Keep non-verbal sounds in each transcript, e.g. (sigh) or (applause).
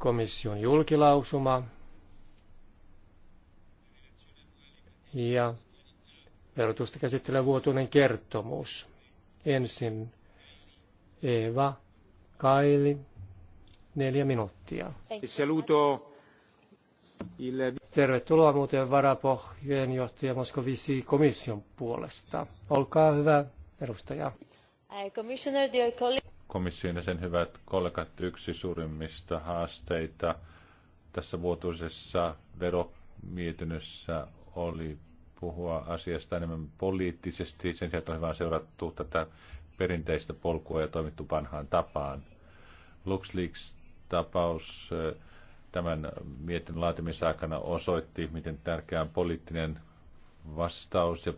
komission julkilausuma ja verotusta käsittelevä vuotuinen kertomus. Ensin Eeva Kaili, neljä minuuttia. Saluto Tervetuloa muuten varapuheenjohtaja Moskovisi komission puolesta. Olkaa hyvä, edustaja. Uh, Commissioner, dear colleague komission ja sen hyvät kollegat, yksi suurimmista haasteita tässä vuotuisessa veromietinnössä oli puhua asiasta enemmän poliittisesti. Sen sijaan on hyvä seurattu tätä perinteistä polkua ja toimittu vanhaan tapaan. LuxLeaks-tapaus eh, tämän mietin laatimisen aikana osoitti, miten tärkeä on poliittinen vastaus ja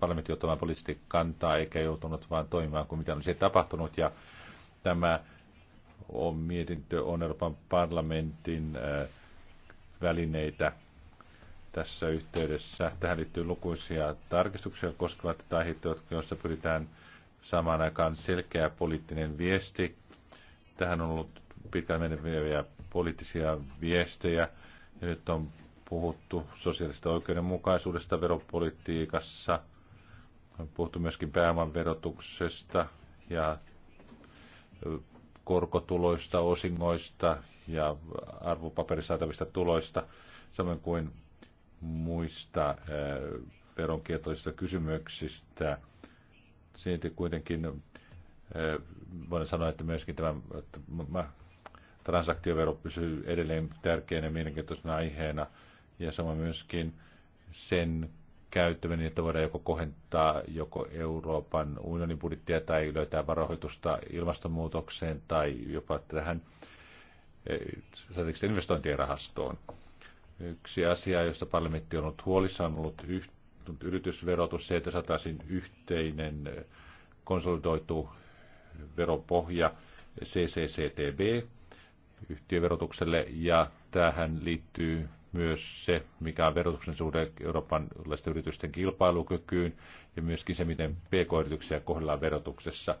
parlamentti ottamaan poliittisesti kantaa eikä joutunut vain toimimaan kuin mitä on se tapahtunut. Ja Tämä on, mietintö on Euroopan parlamentin äh, välineitä tässä yhteydessä. Tähän liittyy lukuisia tarkistuksia koskevat tätä aiheita, joissa pyritään samaan aikaan selkeä poliittinen viesti. Tähän on ollut pitkään meneviä poliittisia viestejä. Ja nyt on puhuttu sosiaalista oikeudenmukaisuudesta veropolitiikassa. On puhuttu myöskin pääoman verotuksesta ja korkotuloista, osingoista ja arvopaperisaatavista tuloista, samoin kuin muista äh, veronkietoisista kysymyksistä. Siitä kuitenkin äh, voin sanoa, että myöskin tämä että transaktiovero pysyy edelleen tärkeänä ja mielenkiintoisena aiheena ja samoin myöskin sen käyttäminen, niin että voidaan joko kohentaa joko Euroopan unionin budjettia tai löytää varoitusta ilmastonmuutokseen tai jopa tähän eh, investointien rahastoon. Yksi asia, josta parlamentti on ollut huolissaan, on ollut yritysverotus, se, että saataisiin yhteinen eh, konsolidoitu veropohja CCCTB yhtiöverotukselle, ja tähän liittyy myös se, mikä on verotuksen suhde Euroopan yritysten kilpailukykyyn ja myöskin se, miten pk-yrityksiä kohdellaan verotuksessa.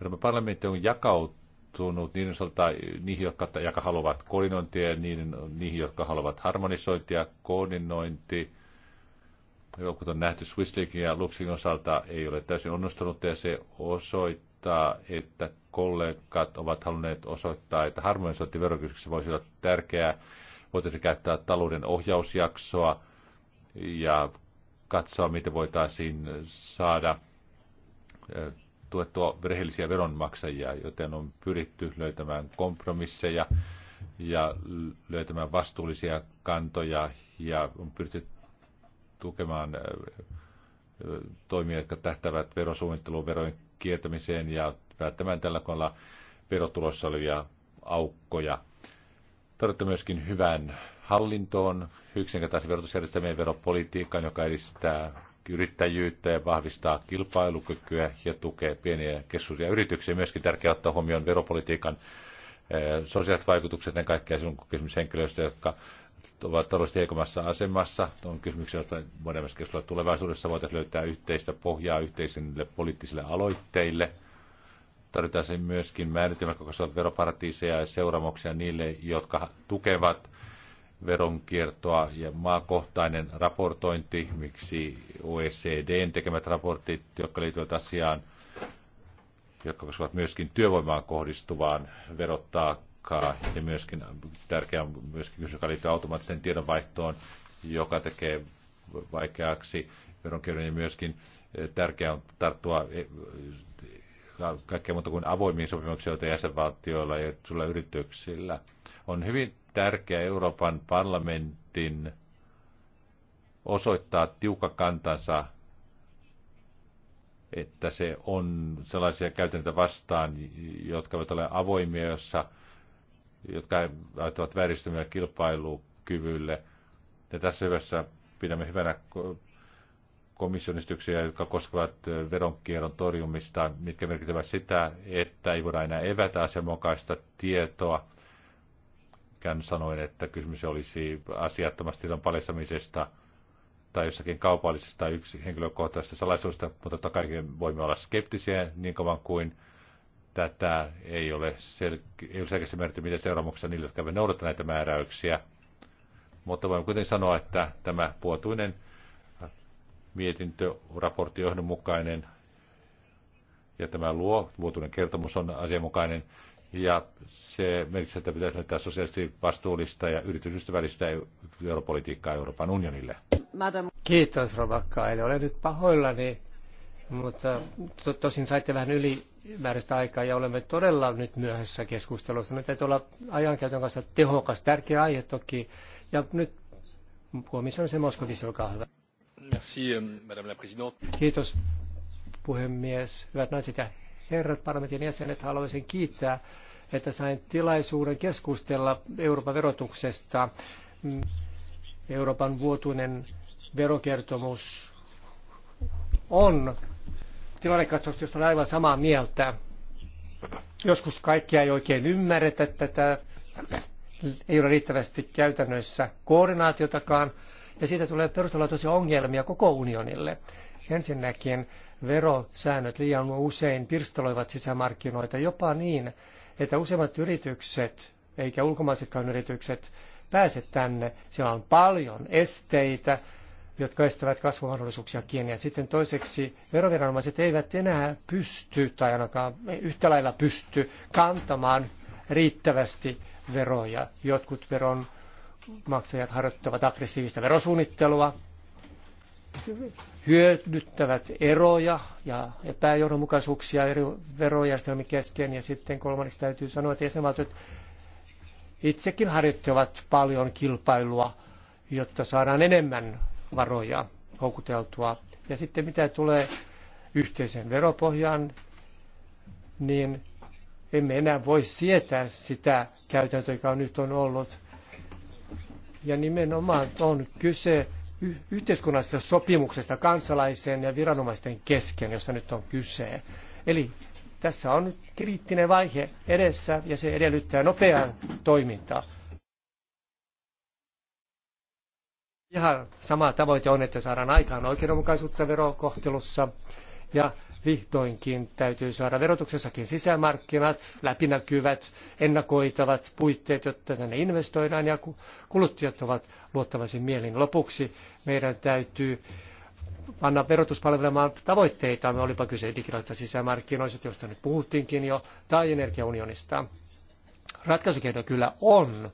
Euroopan parlamentti on jakautunut niin osalta niihin, jotka, jotka haluavat koordinointia ja niihin, niihin, jotka haluavat harmonisointia. Koordinointi, Joku on nähty Swiss ja Luxin osalta, ei ole täysin onnistunut ja se osoittaa, osoittaa, että kollegat ovat halunneet osoittaa, että harmonisointi verokysymyksessä voisi olla tärkeää voitaisiin käyttää talouden ohjausjaksoa ja katsoa, miten voitaisiin saada tuettua rehellisiä veronmaksajia, joten on pyritty löytämään kompromisseja ja löytämään vastuullisia kantoja ja on pyritty tukemaan toimia, jotka tähtävät verosuunnitteluun, verojen kiertämiseen ja välttämään tällä kohdalla verotulossa olevia aukkoja tarvitaan myöskin hyvään hallintoon, yksinkertaisen verotusjärjestelmien veropolitiikkaan, joka edistää yrittäjyyttä ja vahvistaa kilpailukykyä ja tukee pieniä ja keskuisia yrityksiä. Myöskin tärkeää ottaa huomioon veropolitiikan eh, sosiaaliset vaikutukset, ennen kaikkea sinun kysymys henkilöistä, jotka ovat taloudellisesti heikommassa asemassa. On kysymyksiä, joita voidaan myös keskustella tulevaisuudessa. Voitaisiin löytää yhteistä pohjaa yhteisille poliittisille aloitteille – tarvitaan myöskin määritelmä koskevat veroparatiiseja ja seuraamuksia niille, jotka tukevat veronkiertoa ja maakohtainen raportointi, miksi OECDn tekemät raportit, jotka liittyvät asiaan, jotka koskevat myöskin työvoimaan kohdistuvaan verottaakkaa ja myöskin tärkeä on myöskin kysymys, joka liittyy automaattiseen tiedonvaihtoon, joka tekee vaikeaksi veronkierron ja myöskin tärkeää on tarttua kaikkea muuta kuin avoimia sopimuksia, joita jäsenvaltioilla ja sulla yrityksillä. On hyvin tärkeää Euroopan parlamentin osoittaa tiukka kantansa, että se on sellaisia käytäntöjä vastaan, jotka ovat ole avoimia, jossa, jotka aiheuttavat vääristymiä kilpailukyvylle. Ja tässä hyvässä pidämme hyvänä komission esityksiä, jotka koskevat veronkierron torjumista, mitkä merkitsevät sitä, että ei voida enää evätä asianmukaista tietoa. Kään sanoin, että kysymys olisi asiattomasta tiedon paljastamisesta tai jossakin kaupallisesta tai yksi henkilökohtaisesta salaisuudesta, mutta totta kai voimme olla skeptisiä niin kauan kuin tätä ei ole, sel- ei ole selkeästi määrätty, mitä seuraamuksia niille, jotka eivät noudata näitä määräyksiä. Mutta voin kuitenkin sanoa, että tämä puotuinen mietintö, raportti johdonmukainen ja tämä luo, vuotuinen kertomus on asianmukainen ja se merkitsee, että pitäisi näyttää sosiaalisesti vastuullista ja yritysystävällistä europolitiikkaa Euroopan unionille. Kiitos Eli Olen nyt pahoillani, mutta to, tosin saitte vähän ylimääräistä aikaa ja olemme todella nyt myöhässä keskustelussa. Nyt täytyy olla ajankäytön kanssa tehokas, tärkeä aihe toki. Ja nyt komission se Moskovissa, olkaa hyvä. Merci, euh, madame la présidente. puhemies. Hyvät naiset ja herrat, parlamentin jäsenet, haluaisin kiittää, että sain tilaisuuden keskustella Euroopan verotuksesta. Euroopan vuotuinen verokertomus on tilannekatsaus, josta olen aivan samaa mieltä. Joskus kaikkia ei oikein ymmärretä tätä, ei ole riittävästi käytännössä koordinaatiotakaan ja siitä tulee perustavanlaatuisia ongelmia koko unionille. Ensinnäkin verosäännöt liian usein pirstaloivat sisämarkkinoita jopa niin, että useimmat yritykset, eikä ulkomaisetkaan yritykset, pääse tänne. Siellä on paljon esteitä, jotka estävät kasvumahdollisuuksia kiinni. Ja sitten toiseksi veroviranomaiset eivät enää pysty, tai ainakaan yhtä lailla pysty, kantamaan riittävästi veroja. Jotkut veron maksajat harjoittavat aggressiivista verosuunnittelua, hyödyttävät eroja ja epäjohdonmukaisuuksia eri verojärjestelmien kesken. Ja sitten kolmanneksi täytyy sanoa, että jäsenvaltiot itsekin harjoittavat paljon kilpailua, jotta saadaan enemmän varoja houkuteltua. Ja sitten mitä tulee yhteisen veropohjaan, niin emme enää voi sietää sitä käytäntöä, joka nyt on ollut ja nimenomaan on kyse y- yhteiskunnallisesta sopimuksesta kansalaisen ja viranomaisten kesken, jossa nyt on kyse. Eli tässä on nyt kriittinen vaihe edessä ja se edellyttää nopeaa toimintaa. Ihan sama tavoite on, että saadaan aikaan oikeudenmukaisuutta verokohtelussa ja vihdoinkin täytyy saada verotuksessakin sisämarkkinat, läpinäkyvät, ennakoitavat puitteet, jotta tänne investoidaan ja kuluttajat ovat luottavaisin mielin. Lopuksi meidän täytyy panna verotuspalvelemaan tavoitteita, me olipa kyse digitaalista sisämarkkinoista, joista nyt puhuttiinkin jo, tai energiaunionista. Ratkaisukeino kyllä on.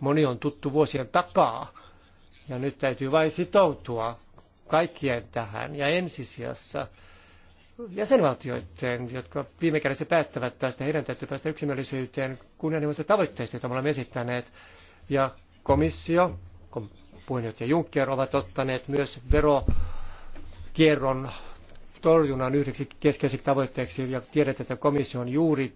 Moni on tuttu vuosien takaa, ja nyt täytyy vain sitoutua kaikkien tähän, ja ensisijassa – jäsenvaltioiden, jotka viime kädessä päättävät tästä, heidän täytyy päästä yksimielisyyteen kunnianhimoisista tavoitteista, joita me olemme esittäneet. Ja komissio, puheenjohtaja Juncker, ovat ottaneet myös verokierron torjunnan yhdeksi keskeiseksi tavoitteeksi ja tiedetään, että komissio on juuri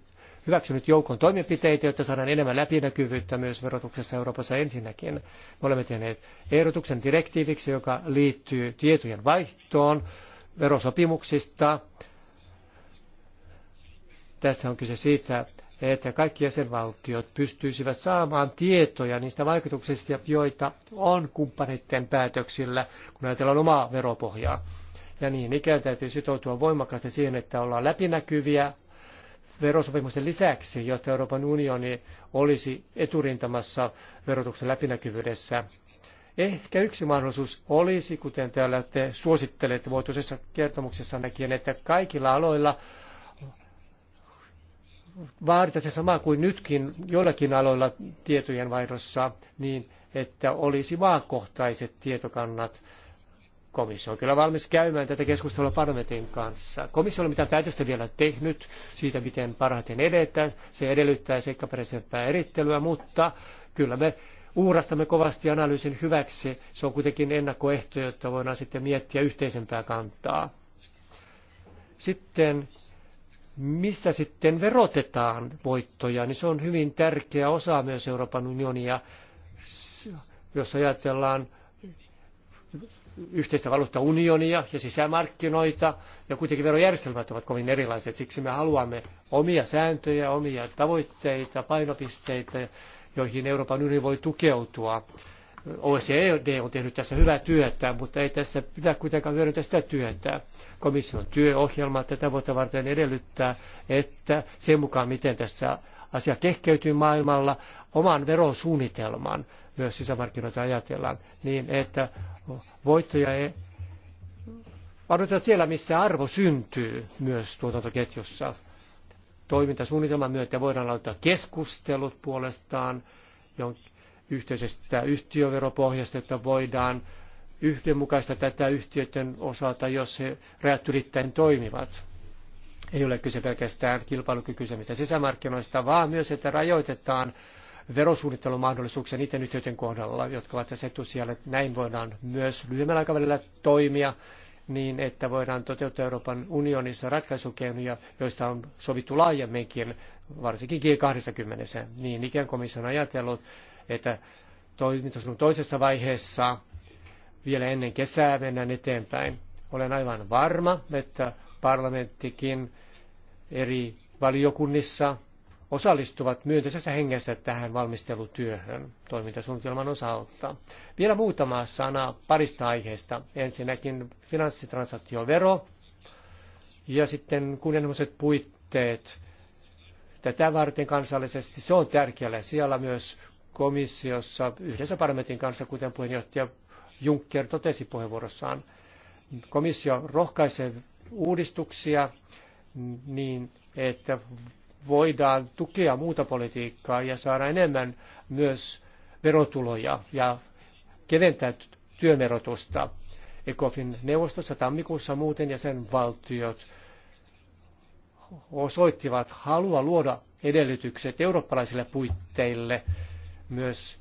hyväksynyt joukon toimenpiteitä, jotta saadaan enemmän läpinäkyvyyttä myös verotuksessa Euroopassa ensinnäkin. Me olemme tehneet ehdotuksen direktiiviksi, joka liittyy tietojen vaihtoon verosopimuksista. Tässä on kyse siitä, että kaikki jäsenvaltiot pystyisivät saamaan tietoja niistä vaikutuksista, joita on kumppaneiden päätöksillä, kun ajatellaan omaa veropohjaa. Ja niin ikään täytyy sitoutua voimakkaasti siihen, että ollaan läpinäkyviä verosopimusten lisäksi, jotta Euroopan unioni olisi eturintamassa verotuksen läpinäkyvyydessä. Ehkä yksi mahdollisuus olisi, kuten täällä te suosittelette vuotuisessa kertomuksessa näkien, että kaikilla aloilla vaaditaan se sama kuin nytkin joillakin aloilla tietojen vaihdossa, niin että olisi maakohtaiset tietokannat. Komissio on kyllä valmis käymään tätä keskustelua parlamentin kanssa. Komissio on mitään päätöstä vielä tehnyt siitä, miten parhaiten edetään. Se edellyttää seikkaperäisempää erittelyä, mutta kyllä me uurastamme kovasti analyysin hyväksi. Se on kuitenkin ennakkoehto, jotta voidaan sitten miettiä yhteisempää kantaa. Sitten missä sitten verotetaan voittoja, niin se on hyvin tärkeä osa myös Euroopan unionia, jos ajatellaan yhteistä valuuttaunionia ja sisämarkkinoita, ja kuitenkin verojärjestelmät ovat kovin erilaiset. Siksi me haluamme omia sääntöjä, omia tavoitteita, painopisteitä, joihin Euroopan unioni voi tukeutua. OECD e, on tehnyt tässä hyvää työtä, mutta ei tässä pidä kuitenkaan hyödyntää sitä työtä. Komission työohjelma tätä vuotta varten edellyttää, että sen mukaan miten tässä asia kehkeytyy maailmalla, oman verosuunnitelman myös sisämarkkinoita ajatellaan, niin että voittoja ei Varoitetaan siellä, missä arvo syntyy myös tuotantoketjussa toimintasuunnitelman myötä voidaan aloittaa keskustelut puolestaan yhteisestä yhtiöveropohjasta, jotta voidaan yhdenmukaista tätä yhtiöiden osalta, jos he rajat ylittäen toimivat. Ei ole kyse pelkästään kilpailukykyisemmistä sisämarkkinoista, vaan myös, että rajoitetaan verosuunnittelumahdollisuuksia niiden yhtiöiden kohdalla, jotka ovat tässä etusijalle. Näin voidaan myös lyhyemmällä aikavälillä toimia niin, että voidaan toteuttaa Euroopan unionissa ratkaisukeinoja, joista on sovittu laajemminkin, varsinkin G20. Niin ikään komissio on ajatellut, että toimintasun toisessa vaiheessa vielä ennen kesää mennään eteenpäin. Olen aivan varma, että parlamenttikin eri valiokunnissa osallistuvat myönteisessä hengessä tähän valmistelutyöhön toimintasuunnitelman osalta. Vielä muutama sana parista aiheesta. Ensinnäkin finanssitransaktiovero ja sitten kunnianhimoiset puitteet. Tätä varten kansallisesti se on tärkeällä siellä myös komissiossa yhdessä parlamentin kanssa, kuten puheenjohtaja Juncker totesi puheenvuorossaan. Komissio rohkaisee uudistuksia niin, että voidaan tukea muuta politiikkaa ja saada enemmän myös verotuloja ja keventää työverotusta. ECOFIN neuvostossa tammikuussa muuten jäsenvaltiot osoittivat halua luoda edellytykset eurooppalaisille puitteille myös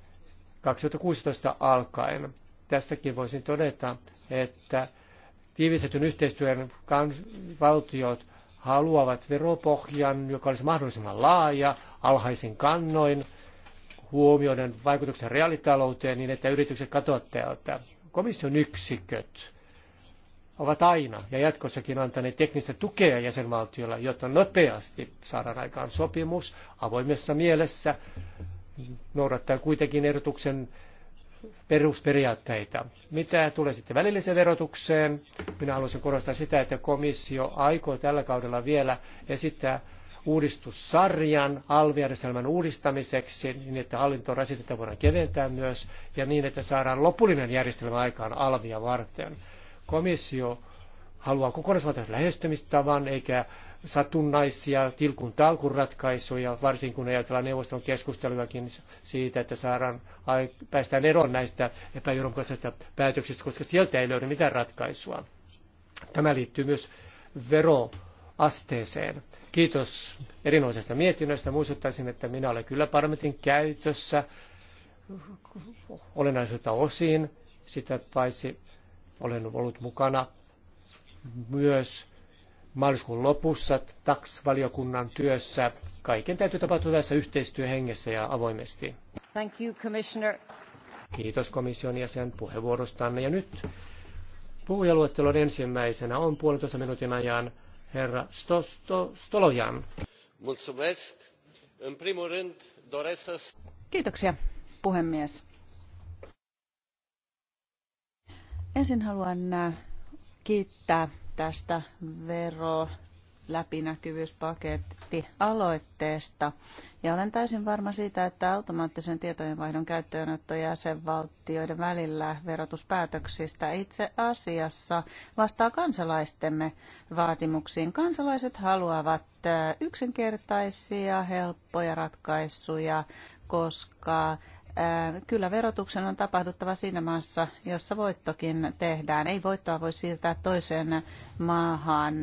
2016 alkaen. Tässäkin voisin todeta, että tiivistetyn yhteistyön valtiot haluavat veropohjan, joka olisi mahdollisimman laaja, alhaisin kannoin, huomioiden vaikutuksen reaalitalouteen niin, että yritykset katoavat täältä. Komission yksiköt ovat aina ja jatkossakin antaneet teknistä tukea jäsenvaltiolla, jotta nopeasti saadaan aikaan sopimus avoimessa mielessä, noudattaa kuitenkin ehdotuksen perusperiaatteita. Mitä tulee sitten välilliseen verotukseen, minä haluaisin korostaa sitä, että komissio aikoo tällä kaudella vielä esittää uudistussarjan alvijärjestelmän uudistamiseksi niin, että hallintorasitetta voidaan keventää myös ja niin, että saadaan lopullinen järjestelmä aikaan alvia varten. Komissio haluaa kokonaisvaltaisen lähestymistavan eikä satunnaisia tilkun talkun ratkaisuja, varsinkin kun ajatellaan neuvoston keskustelujakin siitä, että saadaan, päästään eroon näistä epäjohdonmukaisista päätöksistä, koska sieltä ei löydy mitään ratkaisua. Tämä liittyy myös veroasteeseen. Kiitos erinomaisesta mietinnöstä. Muistuttaisin, että minä olen kyllä parlamentin käytössä olennaisilta osin. Sitä paitsi olen ollut mukana myös maaliskuun lopussa TAX-valiokunnan työssä. Kaiken täytyy tapahtua tässä yhteistyöhengessä ja avoimesti. Thank you, Commissioner. Kiitos komission jäsen puheenvuorostanne. Ja nyt puhujaluettelon ensimmäisenä on puolentoista minuutin ajan herra Sto, Sto, Stolojan. Mulțumesc. În primul rând doresc să... Kiitoksia, puhemies. Ensin haluan äh, kiittää tästä vero läpinäkyvyyspaketti aloitteesta. Ja olen täysin varma siitä, että automaattisen tietojenvaihdon käyttöönotto jäsenvaltioiden välillä verotuspäätöksistä itse asiassa vastaa kansalaistemme vaatimuksiin. Kansalaiset haluavat äh, yksinkertaisia, helppoja ratkaisuja, koska Kyllä verotuksen on tapahduttava siinä maassa, jossa voittokin tehdään. Ei voittoa voi siirtää toiseen maahan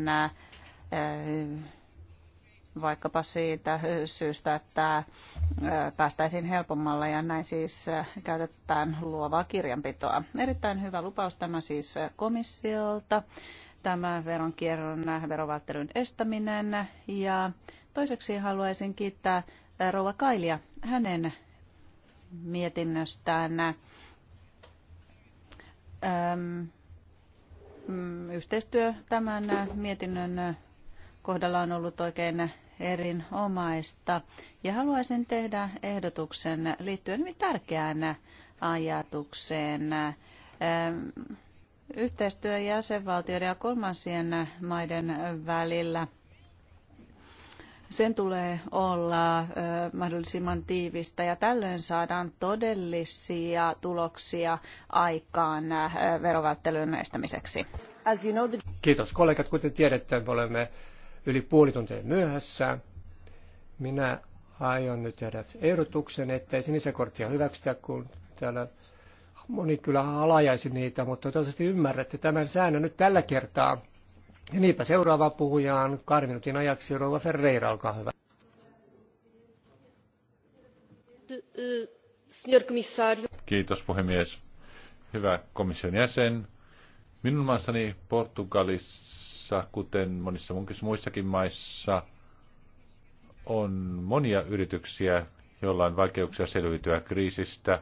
vaikkapa siitä syystä, että päästäisiin helpommalla ja näin siis käytetään luovaa kirjanpitoa. Erittäin hyvä lupaus tämä siis komissiolta, tämä veronkierron verovälttelyn estäminen ja toiseksi haluaisin kiittää rouva Kailia hänen mietinnöstään. Mm, yhteistyö tämän mietinnön kohdalla on ollut oikein erinomaista. Ja haluaisin tehdä ehdotuksen liittyen hyvin tärkeään ajatukseen. Yhteistyö jäsenvaltioiden ja kolmansien maiden välillä – sen tulee olla mahdollisimman tiivistä ja tällöin saadaan todellisia tuloksia aikaan verovälttelyn estämiseksi. Kiitos kollegat. Kuten tiedätte, me olemme yli puoli tuntia myöhässä. Minä aion nyt tehdä ehdotuksen, ettei sinisen korttia hyväksytä, kun täällä moni kyllä halajaisi niitä, mutta toivottavasti ymmärrätte tämän säännön nyt tällä kertaa. Ja niinpä seuraava puhujaan kahden minuutin ajaksi Rouva Ferreira, olkaa hyvä. Kiitos puhemies. Hyvä komission jäsen. Minun maassani Portugalissa, kuten monissa muissakin maissa, on monia yrityksiä, joilla on vaikeuksia selviytyä kriisistä.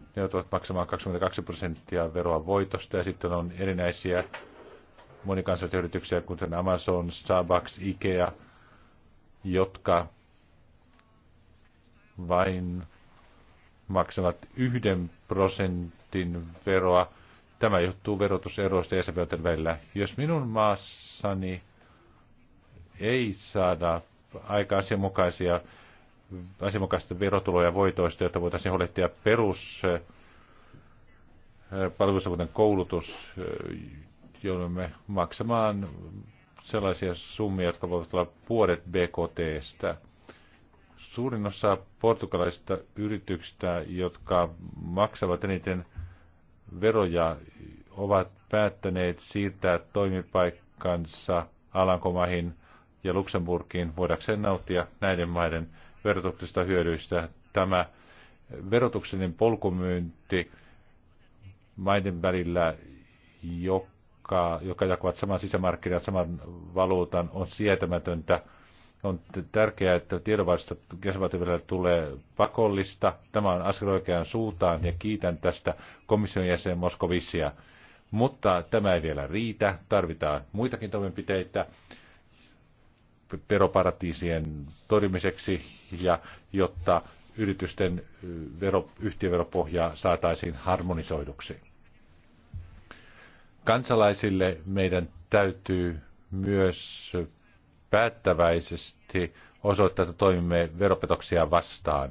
Ne joutuvat maksamaan 22 prosenttia veroa voitosta ja sitten on erinäisiä monikansallisia yrityksiä, kuten Amazon, Starbucks, Ikea, jotka vain maksavat yhden prosentin veroa. Tämä johtuu verotuseroista jäsenvaltioiden välillä. Jos minun maassani ei saada aika asianmukaisia asianmukaista verotuloja voitoista, jotta voitaisiin huolehtia perus eh, palveluissa, kuten koulutus, eh, joudumme maksamaan sellaisia summia, jotka voivat olla puolet BKTstä. Suurin osa portugalaisista yrityksistä, jotka maksavat eniten veroja, ovat päättäneet siirtää toimipaikkansa Alankomaihin ja Luxemburgiin voidakseen nauttia näiden maiden verotuksista hyödyistä. Tämä verotuksellinen polkumyynti maiden välillä, joka jakaa, joka jakavat saman sisämarkkinat, saman valuutan, on sietämätöntä. On tärkeää, että tiedonvaihdosta jäsenvaltioille tulee pakollista. Tämä on askel oikeaan suuntaan ja kiitän tästä komission jäsen Moskovisia. Mutta tämä ei vielä riitä. Tarvitaan muitakin toimenpiteitä veroparatiisien torjumiseksi ja jotta yritysten vero, yhtiöveropohjaa saataisiin harmonisoiduksi. Kansalaisille meidän täytyy myös päättäväisesti osoittaa, että toimimme veropetoksia vastaan.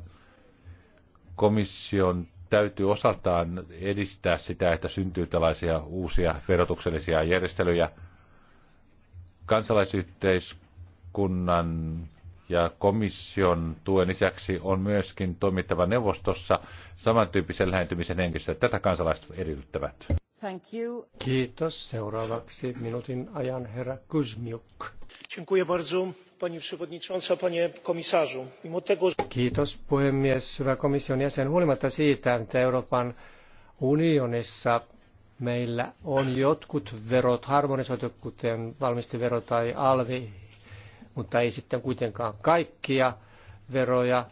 Komission täytyy osaltaan edistää sitä, että syntyy tällaisia uusia verotuksellisia järjestelyjä. Kansalaisyhteiskunnan ja komission tuen lisäksi on myöskin toimittava neuvostossa samantyyppisen lähentymisen henkistä. Tätä kansalaiset edellyttävät. Thank you. Kiitos. Seuraavaksi minuutin ajan herra Kuzmiuk. Dziękuję bardzo, pani przewodnicząca, panie komisarzu. Mimo tego... Kiitos puhemies, hyvä komission jäsen. Huolimatta siitä, että Euroopan unionissa meillä on jotkut verot harmonisoitu, kuten valmistivero tai alvi, mutta ei sitten kuitenkaan kaikkia veroja,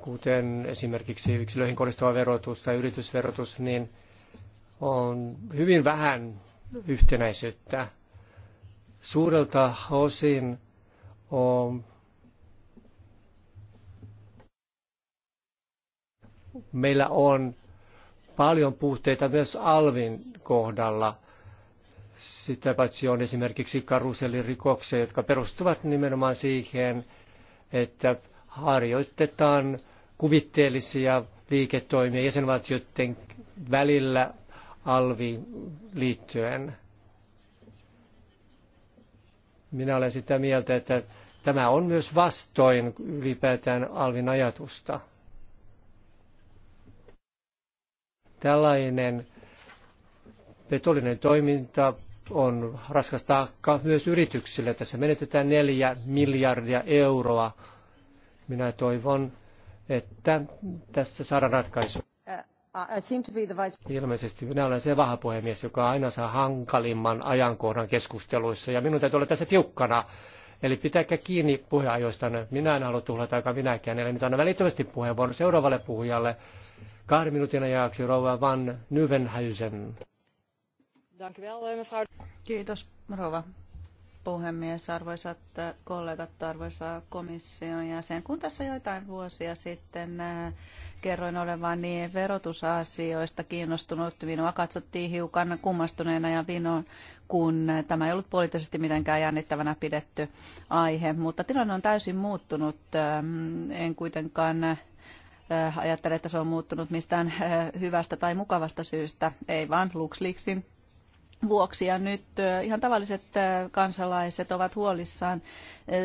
kuten esimerkiksi yksilöihin kohdistuva verotus tai yritysverotus, niin on hyvin vähän yhtenäisyyttä. Suurelta osin on meillä on paljon puutteita myös Alvin kohdalla. Sitä paitsi on esimerkiksi karuselirikoksia, jotka perustuvat nimenomaan siihen, että harjoitetaan kuvitteellisia liiketoimia jäsenvaltioiden välillä alviin liittyen. Minä olen sitä mieltä, että tämä on myös vastoin ylipäätään alvin ajatusta. Tällainen petollinen toiminta on raskas taakka myös yrityksille. Tässä menetetään neljä miljardia euroa. Minä toivon, että tässä saadaan ratkaisu. Ilmeisesti minä olen se vahapuhemies, joka aina saa hankalimman ajankohdan keskusteluissa ja minun täytyy olla tässä tiukkana. Eli pitäkää kiinni puheajoista. Minä en halua tuhlata aika minäkään. Eli nyt annan välittömästi puheenvuoron seuraavalle puhujalle. Kahden minuutin ajaksi rouva Van Nyvenhäysen. Kiitos rouva puhemies, arvoisat kollegat, arvoisa komission jäsen. Kun tässä joitain vuosia sitten äh, kerroin olevan niin verotusasioista kiinnostunut. Minua katsottiin hiukan kummastuneena ja vinoon, kun tämä ei ollut poliittisesti mitenkään jännittävänä pidetty aihe. Mutta tilanne on täysin muuttunut. En kuitenkaan eh, ajattele, että se on muuttunut mistään eh, hyvästä tai mukavasta syystä, ei vaan LuxLeaksin vuoksi ja nyt ihan tavalliset kansalaiset ovat huolissaan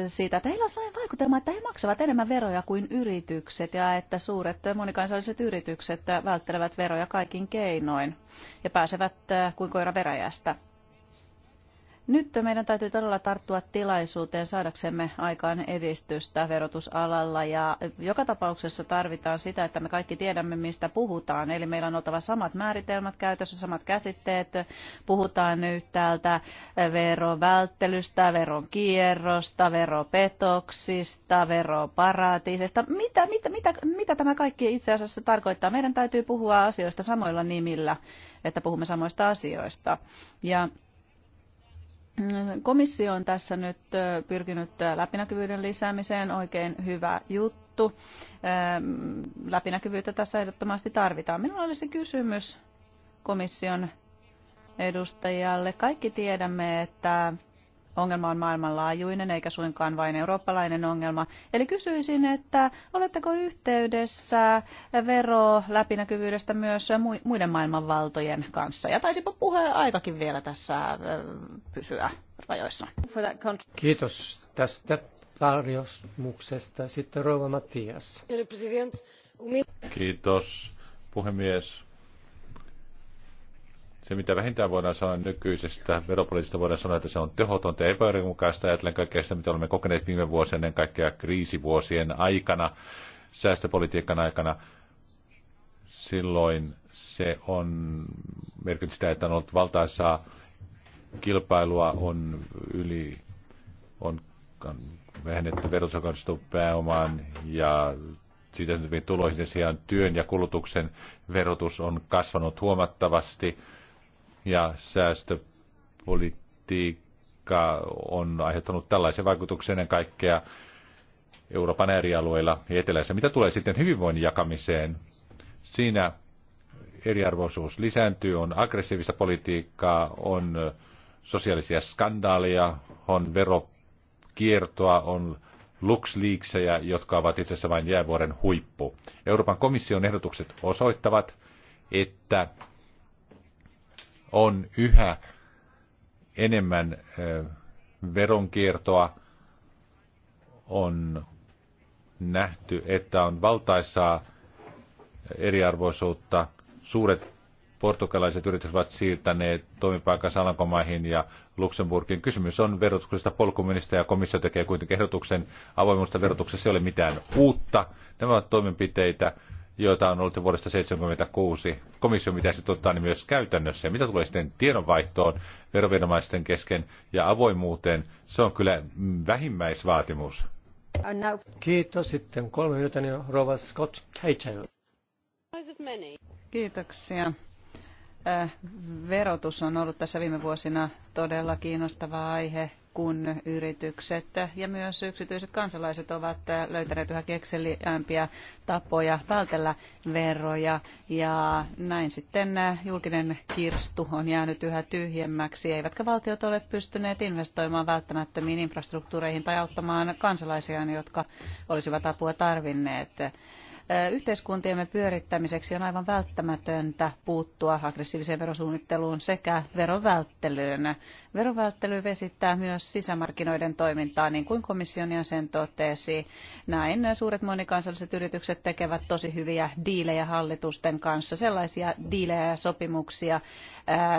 siitä, että heillä on sellainen vaikutelma, että he maksavat enemmän veroja kuin yritykset ja että suuret monikansalliset yritykset välttelevät veroja kaikin keinoin ja pääsevät kuin koira veräjästä. Nyt meidän täytyy todella tarttua tilaisuuteen saadaksemme aikaan edistystä verotusalalla ja joka tapauksessa tarvitaan sitä, että me kaikki tiedämme, mistä puhutaan. Eli meillä on oltava samat määritelmät käytössä, samat käsitteet. Puhutaan yhtäältä verovälttelystä, veron kierrosta, veropetoksista, veroparatiisista. Mitä, mitä, mitä, mitä tämä kaikki itse asiassa tarkoittaa? Meidän täytyy puhua asioista samoilla nimillä, että puhumme samoista asioista. Ja Komissio on tässä nyt pyrkinyt läpinäkyvyyden lisäämiseen, oikein hyvä juttu. Läpinäkyvyyttä tässä ehdottomasti tarvitaan. Minulla olisi kysymys komission edustajalle. Kaikki tiedämme, että Ongelma on maailmanlaajuinen eikä suinkaan vain eurooppalainen ongelma. Eli kysyisin, että oletteko yhteydessä vero läpinäkyvyydestä myös muiden maailman kanssa? Ja taisipa puheen aikakin vielä tässä äh, pysyä rajoissa. Kiitos tästä tarjousmuksesta. Sitten Rova Mattias. Kiitos puhemies. Se, mitä vähintään voidaan sanoa nykyisestä veropolitiikasta, voidaan sanoa, että se on tehotonta ja epäoikeudenmukaista. Ajatellen kaikkea sitä, mitä olemme kokeneet viime vuosien, ennen kaikkea kriisivuosien aikana, säästöpolitiikan aikana. Silloin se on merkitys sitä, että on ollut valtaisaa kilpailua, on yli, on vähennetty verotusokaisesta pääomaan ja siitä syntyviin tuloihin sijaan työn ja kulutuksen verotus on kasvanut huomattavasti ja säästöpolitiikka on aiheuttanut tällaisen vaikutuksen ennen kaikkea Euroopan alueilla ja etelässä. Mitä tulee sitten hyvinvoinnin jakamiseen? Siinä eriarvoisuus lisääntyy, on aggressiivista politiikkaa, on sosiaalisia skandaaleja, on verokiertoa, on LuxLeaksejä, jotka ovat itse asiassa vain jäävuoren huippu. Euroopan komission ehdotukset osoittavat, että on yhä enemmän veronkiertoa. On nähty, että on valtaisaa eriarvoisuutta. Suuret portugalaiset yritykset ovat siirtäneet toimipaikan Alankomaihin ja Luxemburgin. Kysymys on verotuksesta polkuminista ja komissio tekee kuitenkin ehdotuksen avoimuudesta verotuksessa. Ei ole mitään uutta. Nämä ovat toimenpiteitä, joita on ollut vuodesta 1976. Komissio pitäisi ottaa ne myös käytännössä. Ja mitä tulee sitten tiedonvaihtoon veroviranomaisten kesken ja avoimuuteen, se on kyllä vähimmäisvaatimus. Kiitos. Sitten kolme minuuttia, niin rouva Scott Keitel. Kiitoksia. Äh, verotus on ollut tässä viime vuosina todella kiinnostava aihe kun yritykset ja myös yksityiset kansalaiset ovat löytäneet yhä kekseliämpiä tapoja vältellä veroja ja näin sitten julkinen kirstu on jäänyt yhä tyhjemmäksi, eivätkä valtiot ole pystyneet investoimaan välttämättömiin infrastruktuureihin tai auttamaan kansalaisiaan, jotka olisivat apua tarvinneet. Yhteiskuntiemme pyörittämiseksi on aivan välttämätöntä puuttua aggressiiviseen verosuunnitteluun sekä verovälttelyyn. Verovälttely vesittää myös sisämarkkinoiden toimintaa, niin kuin komission jäsen totesi. Näin suuret monikansalliset yritykset tekevät tosi hyviä diilejä hallitusten kanssa, sellaisia diilejä ja sopimuksia,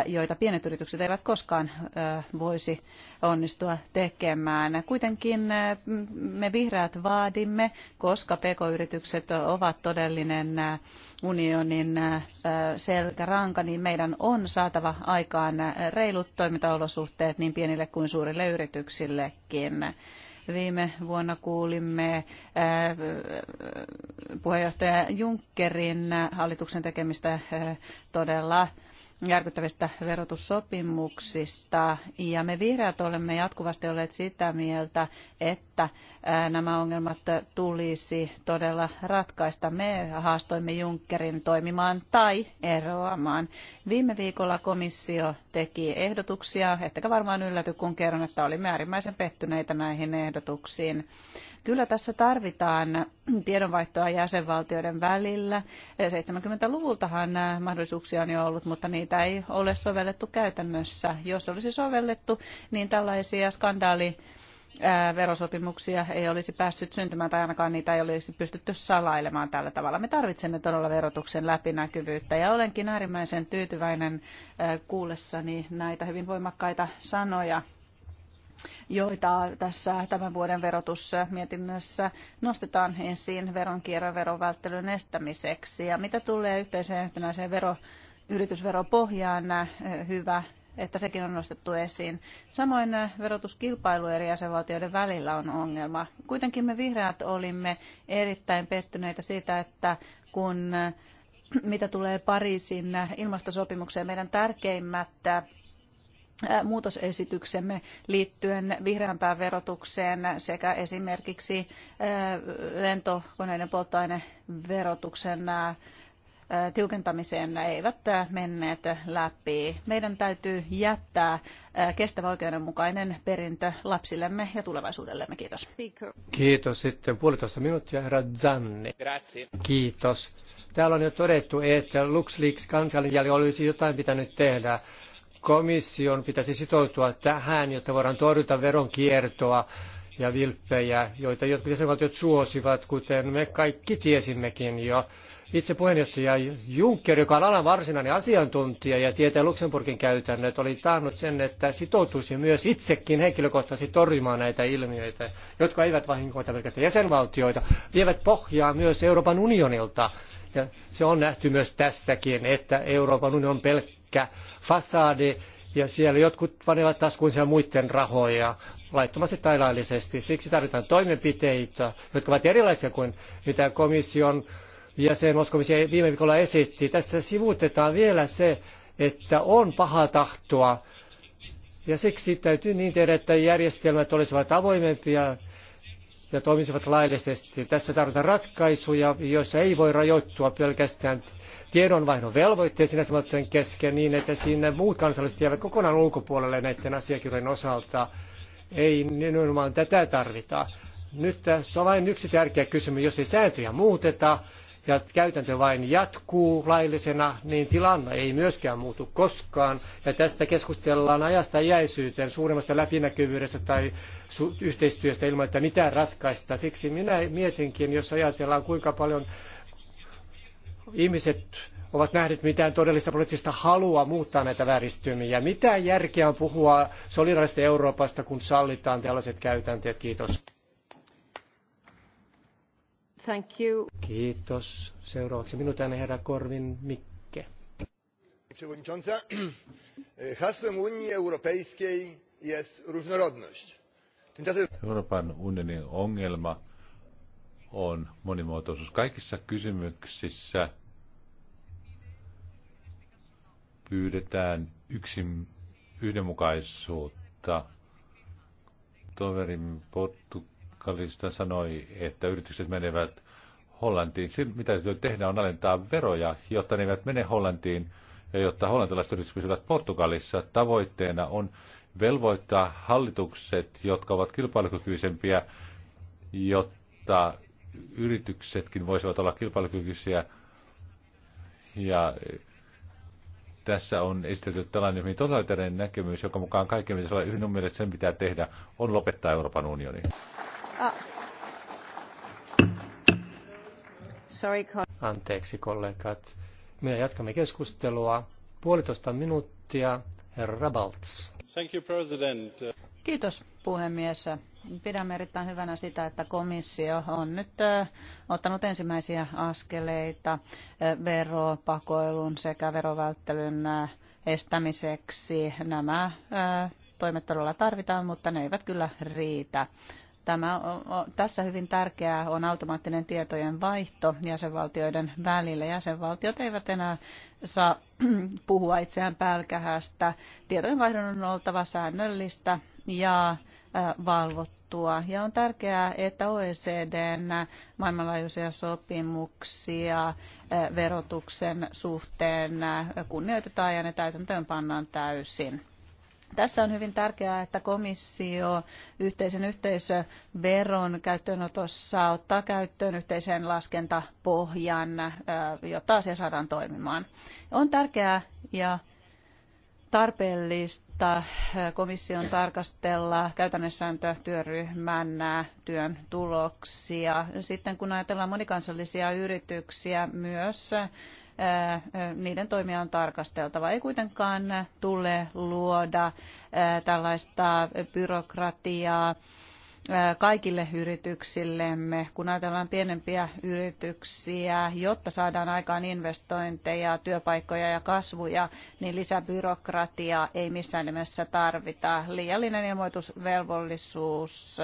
joita pienet yritykset eivät koskaan voisi onnistua tekemään. Kuitenkin me vihreät vaadimme, koska pk-yritykset ovat todellinen unionin selkäranka, niin meidän on saatava aikaan reilut toimintaolosuhteet niin pienille kuin suurille yrityksillekin. Viime vuonna kuulimme puheenjohtaja Junckerin hallituksen tekemistä todella järkyttävistä verotussopimuksista. Ja me vihreät olemme jatkuvasti olleet sitä mieltä, että nämä ongelmat tulisi todella ratkaista. Me haastoimme Junckerin toimimaan tai eroamaan. Viime viikolla komissio teki ehdotuksia, ettekä varmaan ylläty kun kerron, että olimme äärimmäisen pettyneitä näihin ehdotuksiin. Kyllä tässä tarvitaan tiedonvaihtoa jäsenvaltioiden välillä. 70-luvultahan äh, mahdollisuuksia on jo ollut, mutta niitä ei ole sovellettu käytännössä. Jos olisi sovellettu, niin tällaisia skandaali äh, verosopimuksia ei olisi päässyt syntymään tai ainakaan niitä ei olisi pystytty salailemaan tällä tavalla. Me tarvitsemme todella verotuksen läpinäkyvyyttä ja olenkin äärimmäisen tyytyväinen äh, kuullessani näitä hyvin voimakkaita sanoja joita tässä tämän vuoden verotusmietinnössä nostetaan esiin veronkierron veron välttelyn estämiseksi. Ja mitä tulee yhteiseen yhtenäiseen vero, yritysveropohjaan, äh, hyvä että sekin on nostettu esiin. Samoin äh, verotuskilpailu eri jäsenvaltioiden välillä on ongelma. Kuitenkin me vihreät olimme erittäin pettyneitä siitä, että kun äh, mitä tulee Pariisin ilmastosopimukseen, meidän tärkeimmät muutosesityksemme liittyen vihreämpään verotukseen sekä esimerkiksi lentokoneiden polttoaineverotuksen tiukentamiseen ne eivät menneet läpi. Meidän täytyy jättää kestävä oikeudenmukainen perintö lapsillemme ja tulevaisuudellemme. Kiitos. Kiitos. Sitten puolitoista minuuttia, herra Zanni. Grazie. Kiitos. Täällä on jo todettu, että LuxLeaks kansallisjäljellä olisi jotain pitänyt tehdä komission pitäisi sitoutua tähän, jotta voidaan torjuta veronkiertoa ja vilppejä, joita jotkut jäsenvaltiot suosivat, kuten me kaikki tiesimmekin jo. Itse puheenjohtaja Juncker, joka on alan varsinainen asiantuntija ja tietää Luxemburgin käytännöt, oli taannut sen, että sitoutuisi myös itsekin henkilökohtaisesti torjumaan näitä ilmiöitä, jotka eivät vahingoita pelkästään jäsenvaltioita, vievät pohjaa myös Euroopan unionilta. Ja se on nähty myös tässäkin, että Euroopan unioni on pelkkä pelkkä ja siellä jotkut panevat taskuunsa muiden rahoja laittomasti tai laillisesti. Siksi tarvitaan toimenpiteitä, jotka ovat erilaisia kuin mitä komission jäsen Moskovissa viime viikolla esitti. Tässä sivuutetaan vielä se, että on pahaa tahtoa ja siksi täytyy niin tehdä, että järjestelmät olisivat avoimempia ja toimisivat laillisesti. Tässä tarvitaan ratkaisuja, joissa ei voi rajoittua pelkästään tiedonvaihdon velvoitteisiin jäsenvaltioiden kesken niin, että sinne muut kansalliset jäävät kokonaan ulkopuolelle näiden asiakirjojen osalta. Ei nimenomaan tätä tarvita. Nyt tässä on vain yksi tärkeä kysymys. Jos ei sääntöjä muuteta, ja käytäntö vain jatkuu laillisena, niin tilanne ei myöskään muutu koskaan. Ja tästä keskustellaan ajasta jäisyyteen, suuremmasta läpinäkyvyydestä tai yhteistyöstä ilman, että mitään ratkaista. Siksi minä mietinkin, jos ajatellaan kuinka paljon ihmiset ovat nähneet mitään todellista poliittista halua muuttaa näitä vääristymiä. Mitä järkeä on puhua solidaarisesta Euroopasta, kun sallitaan tällaiset käytänteet? Kiitos. Thank you. Kiitos. Seuraavaksi minun äänen herra Korvin Mikke. Przewodnicząca, (clears throat) hasłem Unii Europejskiej jest różnorodność. Euroopan unionin ongelma on monimuotoisuus. Kaikissa kysymyksissä pyydetään yksin, yhdenmukaisuutta. Toverin Portugal Kalista sanoi, että yritykset menevät Hollantiin. Se, mitä täytyy tehdä, on alentaa veroja, jotta ne eivät mene Hollantiin ja jotta hollantilaiset yritykset pysyvät Portugalissa. Tavoitteena on velvoittaa hallitukset, jotka ovat kilpailukykyisempiä, jotta yrityksetkin voisivat olla kilpailukykyisiä. Ja tässä on esitetty tällainen hyvin totalitarinen näkemys, joka mukaan kaikki, mitä se on yhden mielestä sen pitää tehdä, on lopettaa Euroopan unioni. Anteeksi kollegat. Me jatkamme keskustelua. Puolitoista minuuttia. Herra Baltz. Thank you, President. Kiitos puhemies. Pidämme erittäin hyvänä sitä, että komissio on nyt ottanut ensimmäisiä askeleita veropakoilun sekä verovälttelyn estämiseksi. Nämä toimet todella tarvitaan, mutta ne eivät kyllä riitä. Tämä on, tässä hyvin tärkeää on automaattinen tietojen vaihto jäsenvaltioiden välillä. Jäsenvaltiot eivät enää saa (clears throat) puhua itseään pälkähästä. Tietojenvaihdon on oltava säännöllistä ja valvottua. Ja on tärkeää, että OECDn maailmanlaajuisia sopimuksia verotuksen suhteen kunnioitetaan ja ne täytäntöön pannaan täysin. Tässä on hyvin tärkeää, että komissio yhteisen yhteisöveron käyttöönotossa ottaa käyttöön yhteisen laskentapohjan, jotta asia saadaan toimimaan. On tärkeää ja tarpeellista komission tarkastella käytännössääntötyöryhmän työn tuloksia. Sitten kun ajatellaan monikansallisia yrityksiä, myös niiden toimia on tarkasteltava. Ei kuitenkaan tule luoda tällaista byrokratiaa kaikille yrityksillemme, kun ajatellaan pienempiä yrityksiä, jotta saadaan aikaan investointeja, työpaikkoja ja kasvuja, niin lisäbyrokratiaa ei missään nimessä tarvita. Liiallinen ilmoitusvelvollisuus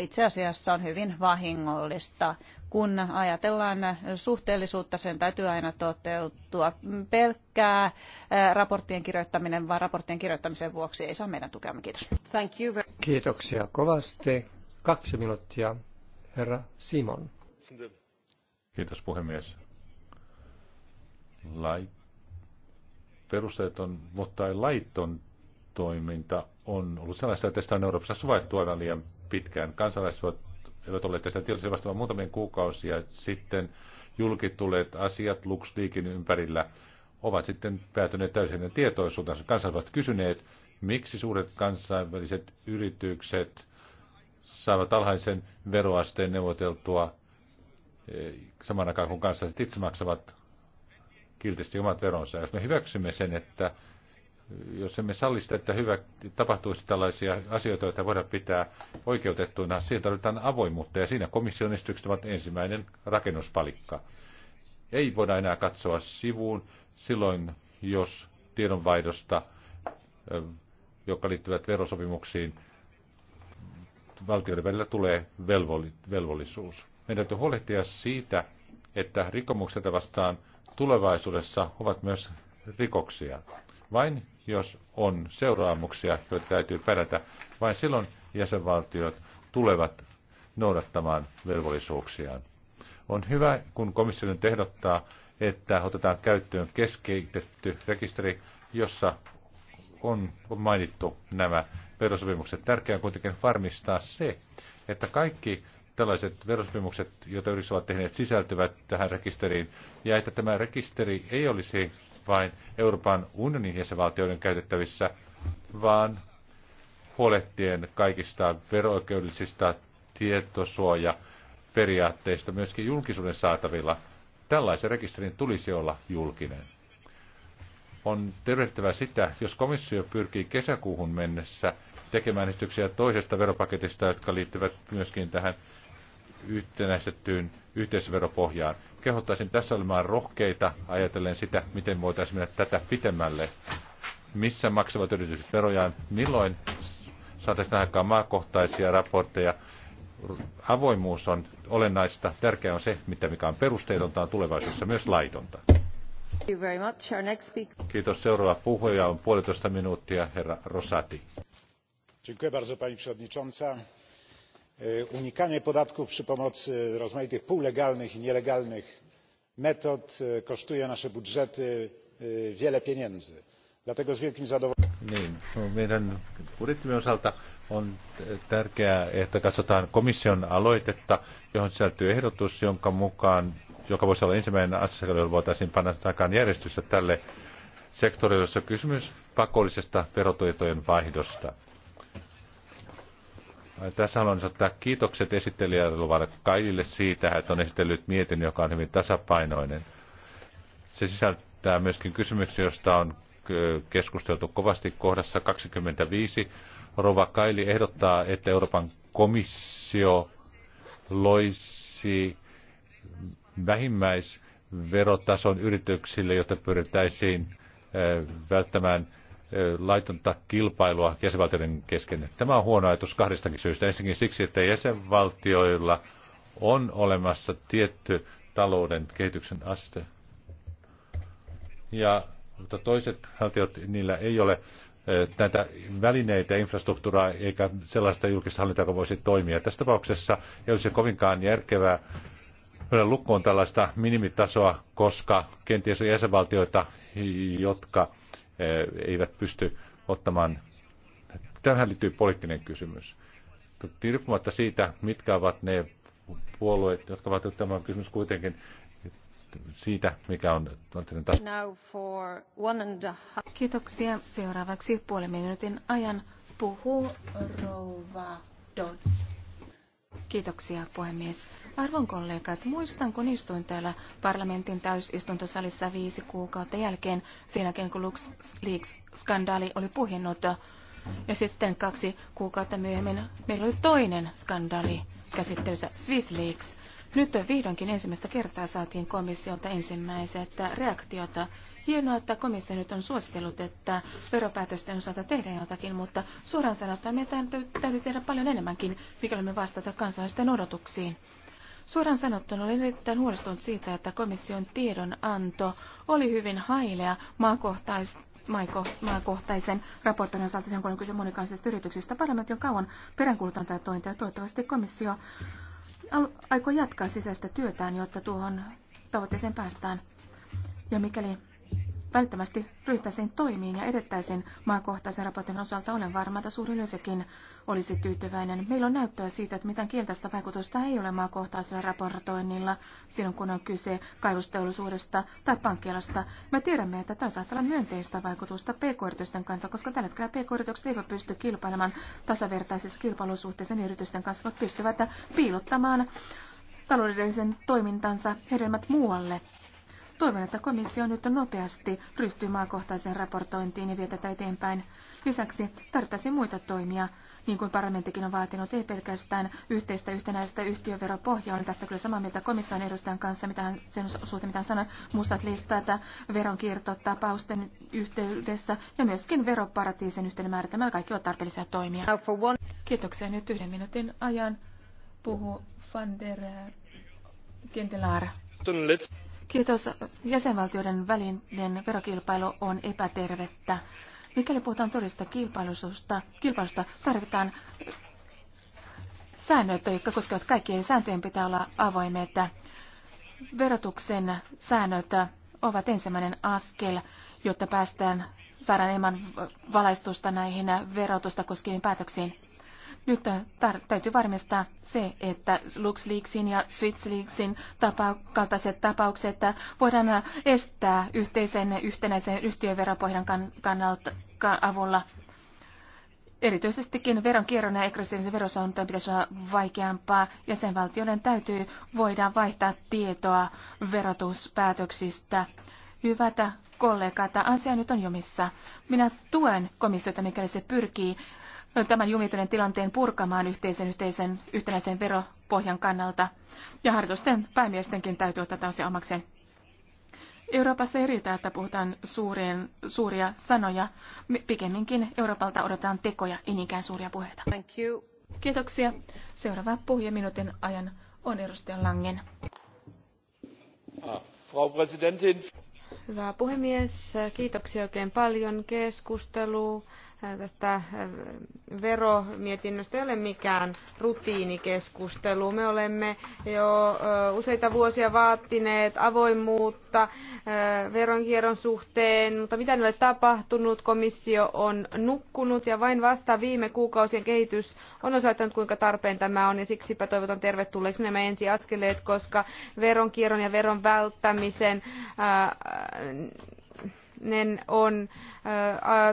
itse asiassa on hyvin vahingollista. Kun ajatellaan suhteellisuutta, sen täytyy aina toteutua. Pelkkää raporttien kirjoittaminen, vaan raporttien kirjoittamisen vuoksi ei saa meidän tukeamme. Kiitos. Thank you. Kiitoksia kovasti. Kaksi minuuttia, herra Simon. Kiitos puhemies. Lait, perusteeton, mutta laiton toiminta on ollut sellaista, että sitä on Euroopassa suvaittu aivan liian pitkään. Kansalaiset ovat olleet tästä tietoisia vasta muutamien kuukausia sitten julkituleet asiat LuxLeakin ympärillä ovat sitten päätyneet täysin tietoisuutensa. Kansalaiset ovat kysyneet, miksi suuret kansainväliset yritykset saavat alhaisen veroasteen neuvoteltua eh, saman aikaan, kun kansalaiset itse maksavat kiltisti omat veronsa. Jos me hyväksymme sen, että jos emme sallista, että hyvä, tapahtuisi tällaisia asioita, joita voidaan pitää oikeutettuina, siihen tarvitaan avoimuutta ja siinä komission esitykset ovat ensimmäinen rakennuspalikka. Ei voida enää katsoa sivuun silloin, jos tiedonvaihdosta, joka liittyvät verosopimuksiin, valtioiden välillä tulee velvollisuus. Meidän täytyy huolehtia siitä, että rikkomukset vastaan tulevaisuudessa ovat myös rikoksia. Vain jos on seuraamuksia, joita täytyy perätä, vain silloin jäsenvaltiot tulevat noudattamaan velvollisuuksiaan. On hyvä, kun komissio nyt ehdottaa, että otetaan käyttöön keskeytetty rekisteri, jossa on mainittu nämä verosopimukset. Tärkeää on kuitenkin varmistaa se, että kaikki tällaiset verosopimukset, joita yritykset ovat tehneet, sisältyvät tähän rekisteriin, ja että tämä rekisteri ei olisi vain Euroopan unionin jäsenvaltioiden käytettävissä, vaan huolehtien kaikista verooikeudellisista tietosuojaperiaatteista myöskin julkisuuden saatavilla. Tällaisen rekisterin tulisi olla julkinen. On tervehtävä sitä, jos komissio pyrkii kesäkuuhun mennessä tekemään esityksiä toisesta veropaketista, jotka liittyvät myöskin tähän yhtenäistettyyn yhteisveropohjaan. Kehottaisin tässä olemaan rohkeita ajatellen sitä, miten voitaisiin mennä tätä pitemmälle. Missä maksavat yritykset verojaan, milloin saataisiin aikaan maakohtaisia raportteja. Avoimuus on olennaista. Tärkeää on se, mitä mikä on perusteetonta, on tulevaisuudessa myös laitonta. Kiitos. Seuraava puhuja on puolitoista minuuttia, herra Rosati. Dziękuję bardzo, pani przewodnicząca E, unikanie podatków przy pomocy rozmaitych półlegalnych i nielegalnych metod e, kosztuje nasze budżety e, wiele pieniędzy dlatego z wielkim zadowoleniem niin, no, meidän budjettimme osalta on tärkeää, että katsotaan komission aloitetta, johon sisältyy ehdotus, jonka mukaan, joka voisi olla ensimmäinen asia, jolla voitaisiin panna aikaan järjestystä tälle sektorille, jossa kysymys pakollisesta verotietojen vaihdosta. Tässä haluan ottaa kiitokset esittelijäluvalle kaikille siitä, että on esitellyt mietin, joka on hyvin tasapainoinen. Se sisältää myöskin kysymyksiä, joista on keskusteltu kovasti kohdassa 25. Rova Kaili ehdottaa, että Euroopan komissio loisi vähimmäisverotason yrityksille, jotta pyrittäisiin välttämään laitonta kilpailua jäsenvaltioiden kesken. Tämä on huono ajatus kahdestakin syystä. Ensinnäkin siksi, että jäsenvaltioilla on olemassa tietty talouden kehityksen aste. Ja mutta toiset valtiot, niillä ei ole näitä välineitä, infrastruktuuraa eikä sellaista julkista hallintaa, joka voisi toimia. Tässä tapauksessa ei olisi kovinkaan järkevää lukkoon tällaista minimitasoa, koska kenties on jäsenvaltioita, jotka Eh, eivät pysty ottamaan. Tähän liittyy poliittinen kysymys. Riippumatta siitä, mitkä ovat ne puolueet, jotka ovat ottamaan kysymys kuitenkin siitä, mikä on Kiitoksia. Seuraavaksi puolen minuutin ajan puhuu rouva Dodds. Kiitoksia puhemies. Arvon kollegat, muistan kun istuin täällä parlamentin täysistuntosalissa viisi kuukautta jälkeen, siinäkin kun LuxLeaks-skandaali oli puhinnut. Ja sitten kaksi kuukautta myöhemmin meillä oli toinen skandaali käsittelyssä SwissLeaks. Nyt vihdoinkin ensimmäistä kertaa saatiin komissiolta ensimmäiset reaktiota. Hienoa, että komissio nyt on suositellut, että veropäätösten osalta tehdään jotakin, mutta suoraan sanottuna meidän täytyy tehdä paljon enemmänkin, mikäli me vastata kansalaisten odotuksiin. Suoraan sanottuna olen erittäin huolestunut siitä, että komission tiedonanto oli hyvin hailea maakohtaista maakohtaisen raportoinnin osalta, sen kun on kyse monikansallisista yrityksistä. Parlamentti on kauan peräänkuulutan tätä tointa ja toivottavasti komissio aikoo jatkaa sisäistä työtään, jotta tuohon tavoitteeseen päästään. Ja mikäli välittömästi ryhtäisiin toimiin ja edettäisiin maakohtaisen raportin osalta, olen varma, että suuri yleisökin olisi tyytyväinen. Meillä on näyttöä siitä, että mitään kieltäistä vaikutusta ei ole maakohtaisella raportoinnilla silloin, kun on kyse kaivosteollisuudesta tai pankkialasta. Me tiedämme, että tämä saattaa olla myönteistä vaikutusta pk-yritysten kannalta, koska tällä hetkellä pk-yritykset eivät pysty kilpailemaan tasavertaisessa kilpailusuhteessa niin yritysten kanssa, vaan pystyvät piilottamaan taloudellisen toimintansa hedelmät muualle. Toivon, että komissio nyt nopeasti ryhtyy maakohtaiseen raportointiin ja vietetään eteenpäin. Lisäksi tarvittaisiin muita toimia, niin kuin parlamenttikin on vaatinut, ei pelkästään yhteistä yhtenäistä yhtiöveropohjaa. Olen tästä kyllä samaa mieltä komission edustajan kanssa, mitä hän, sen suhteen, mitä hän sanoi, mustat listat veronkiertotapausten yhteydessä ja myöskin veroparatiisin yhteyden määritelmällä kaikki ovat tarpeellisia toimia. Kiitoksia. Nyt yhden minuutin ajan puhu van der Kendelaar. Kiitos. Jäsenvaltioiden välinen verokilpailu on epätervettä. Mikäli puhutaan todellisesta kilpailusta, kilpailusta tarvitaan säännöt, jotka koskevat kaikkia. Sääntöjen pitää olla avoimia. Verotuksen säännöt ovat ensimmäinen askel, jotta päästään saadaan enemmän valaistusta näihin verotusta koskeviin päätöksiin. Nyt täytyy varmistaa se, että LuxLeaksin ja SwitchLeaksin tapa- kaltaiset tapaukset voidaan estää yhteisen yhtenäisen yhtiöveropohjan kan- kannalta avulla. Erityisestikin veronkierron ja aggressiivisen verosuunnittelun pitäisi olla vaikeampaa. Jäsenvaltioiden täytyy voida vaihtaa tietoa verotuspäätöksistä. Hyvät kollegat, asia nyt on jumissa. Minä tuen komissiota, mikäli se pyrkii tämän jumituneen tilanteen purkamaan yhteisen, yhteisen yhtenäisen veropohjan kannalta. Ja harjoitusten päämiestenkin täytyy ottaa asia omakseen. Euroopassa ei riitä, että puhutaan suurien, suuria sanoja. Pikemminkin Euroopalta odotetaan tekoja, ei niinkään suuria puheita. Thank you. Kiitoksia. Seuraava puhuja minuutin ajan on edustaja Langen. Ah, Frau Präsidentin. Hyvä puhemies, kiitoksia oikein paljon keskustelua tästä äh, veromietinnöstä ei ole mikään rutiinikeskustelu. Me olemme jo äh, useita vuosia vaatineet avoimuutta äh, veronkierron suhteen, mutta mitä niille tapahtunut? Komissio on nukkunut ja vain vasta viime kuukausien kehitys on osoittanut, kuinka tarpeen tämä on ja siksipä toivotan tervetulleeksi nämä ensiaskeleet, koska veronkierron ja veron välttämisen on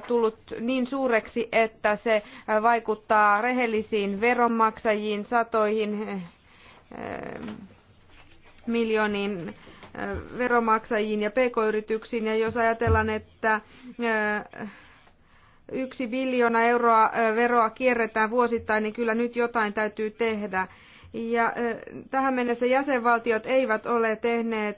tullut niin suureksi, että se vaikuttaa rehellisiin veronmaksajiin, satoihin miljooniin veromaksajiin ja pk-yrityksiin. Ja jos ajatellaan, että yksi biljoona euroa veroa kierretään vuosittain, niin kyllä nyt jotain täytyy tehdä. Ja tähän mennessä jäsenvaltiot eivät ole tehneet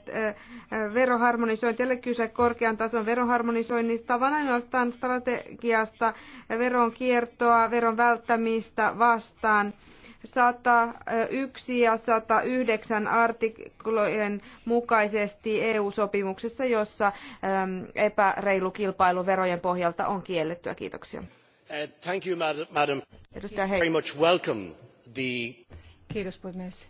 veroharmonisointia, ei kyse korkean tason veroharmonisoinnista, vaan ainoastaan strategiasta veron kiertoa, veron välttämistä vastaan. 101 ja 109 artiklojen mukaisesti EU-sopimuksessa, jossa epäreilu kilpailu verojen pohjalta on kiellettyä. Kiitoksia. Uh, thank you, madam. Edustaja Very much welcome the Kiitos puhemies.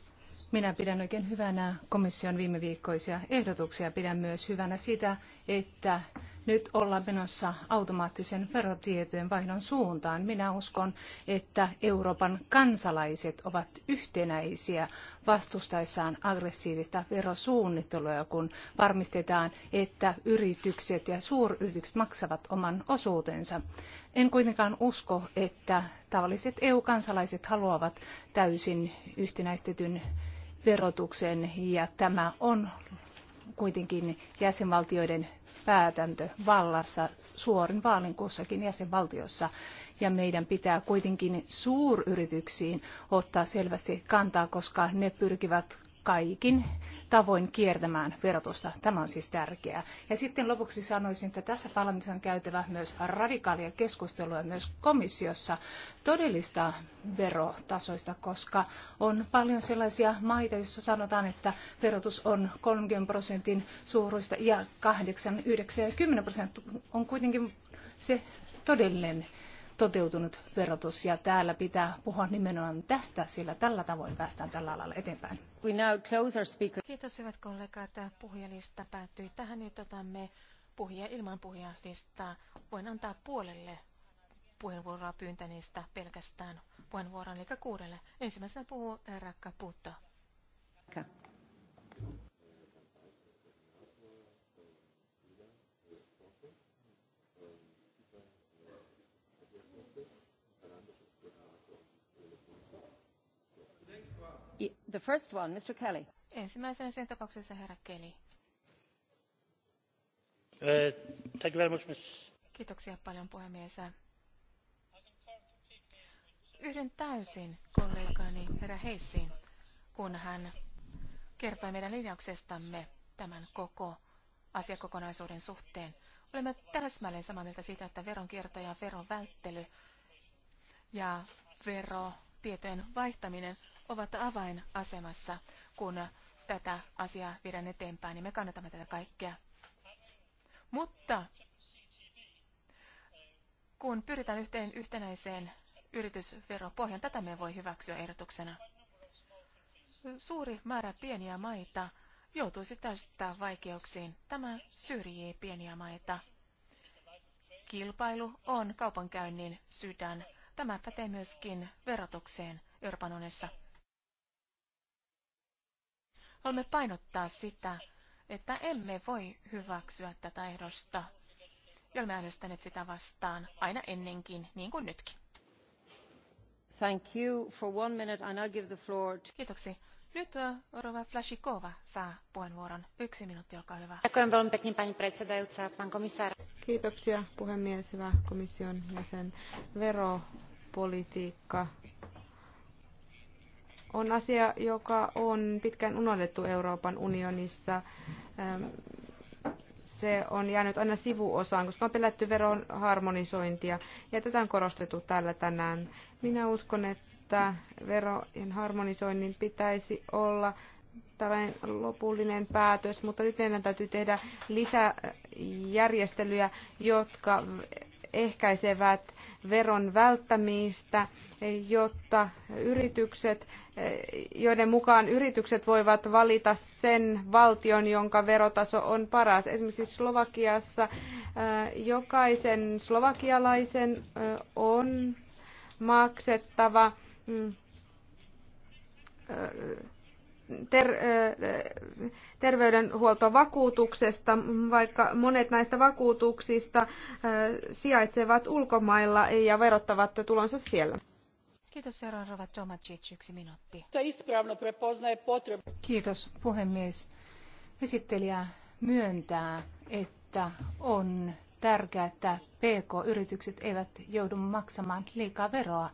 Minä pidän oikein hyvänä komission viimeviikkoisia ehdotuksia. Pidän myös hyvänä sitä, että nyt ollaan menossa automaattisen verotietojen vaihdon suuntaan. Minä uskon, että Euroopan kansalaiset ovat yhtenäisiä vastustaessaan aggressiivista verosuunnittelua, kun varmistetaan, että yritykset ja suuryritykset maksavat oman osuutensa. En kuitenkaan usko, että tavalliset EU-kansalaiset haluavat täysin yhtenäistetyn verotuksen ja tämä on kuitenkin jäsenvaltioiden päätäntö vallassa suorin vaalin kussakin jäsenvaltiossa. Ja meidän pitää kuitenkin suuryrityksiin ottaa selvästi kantaa, koska ne pyrkivät kaikin tavoin kiertämään verotusta. Tämä on siis tärkeää. Ja sitten lopuksi sanoisin, että tässä parlamentissa on käytävä myös radikaalia keskustelua myös komissiossa todellista verotasoista, koska on paljon sellaisia maita, joissa sanotaan, että verotus on 30 prosentin suuruista ja 8, 9 ja 10 prosenttia on kuitenkin se todellinen toteutunut verotus. Ja täällä pitää puhua nimenomaan tästä, sillä tällä tavoin päästään tällä alalla eteenpäin. We now close our speaker. Kiitos hyvät kollegat. Puhujalista päättyi tähän. Nyt otamme puhuja ilman puhujalistaa. Voin antaa puolelle puheenvuoroa pyyntäneistä pelkästään puheenvuoron, eli kuudelle. Ensimmäisenä puhuu Rakka Puutto. Okay. The first one, Mr. Kelly. Ensimmäisenä sen tapauksessa herra Kelly. Uh, thank you very much, Kiitoksia paljon puhemies. Yhdyn täysin kollegani herra Heissiin, kun hän kertoi meidän linjauksestamme tämän koko asiakokonaisuuden suhteen. Olemme täsmälleen samaa mieltä siitä, että veronkierto ja veron välttely ja vero tietojen vaihtaminen ovat avainasemassa, kun tätä asiaa viedään eteenpäin, niin me kannatamme tätä kaikkea. Mutta kun pyritään yhteen yhtenäiseen pohjan tätä me voi hyväksyä ehdotuksena. Suuri määrä pieniä maita joutuisi täyttää vaikeuksiin. Tämä syrjii pieniä maita. Kilpailu on kaupankäynnin sydän Tämä pätee myöskin verotukseen Euroopan unessa. Haluamme painottaa sitä, että emme voi hyväksyä tätä ehdosta. Ja olemme äänestäneet sitä vastaan aina ennenkin, niin kuin nytkin. Thank you. For one minute, I now give the floor to... Kiitoksi. Nyt äh, Rova Flashikova saa puheenvuoron. Yksi minuutti, olkaa hyvä. Kiitoksia puhemies, hyvä komission jäsen. Vero politiikka on asia, joka on pitkään unohdettu Euroopan unionissa. Ähm, se on jäänyt aina sivuosaan, koska on pelätty veron harmonisointia, ja tätä on korostettu täällä tänään. Minä uskon, että verojen harmonisoinnin pitäisi olla tällainen lopullinen päätös, mutta nyt meidän täytyy tehdä lisäjärjestelyjä, jotka ehkäisevät veron välttämistä, jotta yritykset, joiden mukaan yritykset voivat valita sen valtion, jonka verotaso on paras. Esimerkiksi Slovakiassa äh, jokaisen slovakialaisen äh, on maksettava mm, äh, ter, terveydenhuoltovakuutuksesta, vaikka monet näistä vakuutuksista sijaitsevat ulkomailla ja verottavat tulonsa siellä. Kiitos seuraava Tomacic, yksi minuutti. Kiitos puhemies. Esittelijä myöntää, että on tärkeää, että PK-yritykset eivät joudu maksamaan liikaa veroa.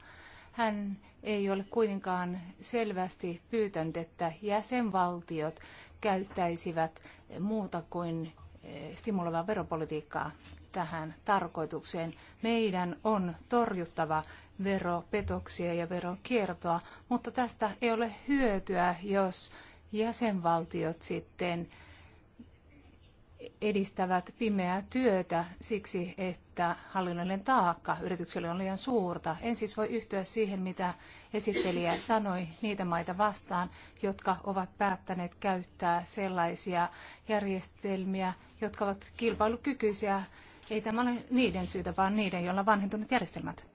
Hän ei ole kuitenkaan selvästi pyytänyt, että jäsenvaltiot käyttäisivät muuta kuin eh, stimuloivaa veropolitiikkaa tähän tarkoitukseen. Meidän on torjuttava veropetoksia ja veronkiertoa, mutta tästä ei ole hyötyä, jos jäsenvaltiot sitten edistävät pimeää työtä siksi, että hallinnollinen taakka yritykselle on liian suurta. En siis voi yhtyä siihen, mitä esittelijä sanoi niitä maita vastaan, jotka ovat päättäneet käyttää sellaisia järjestelmiä, jotka ovat kilpailukykyisiä. Ei tämä ole niiden syytä, vaan niiden, joilla on vanhentuneet järjestelmät.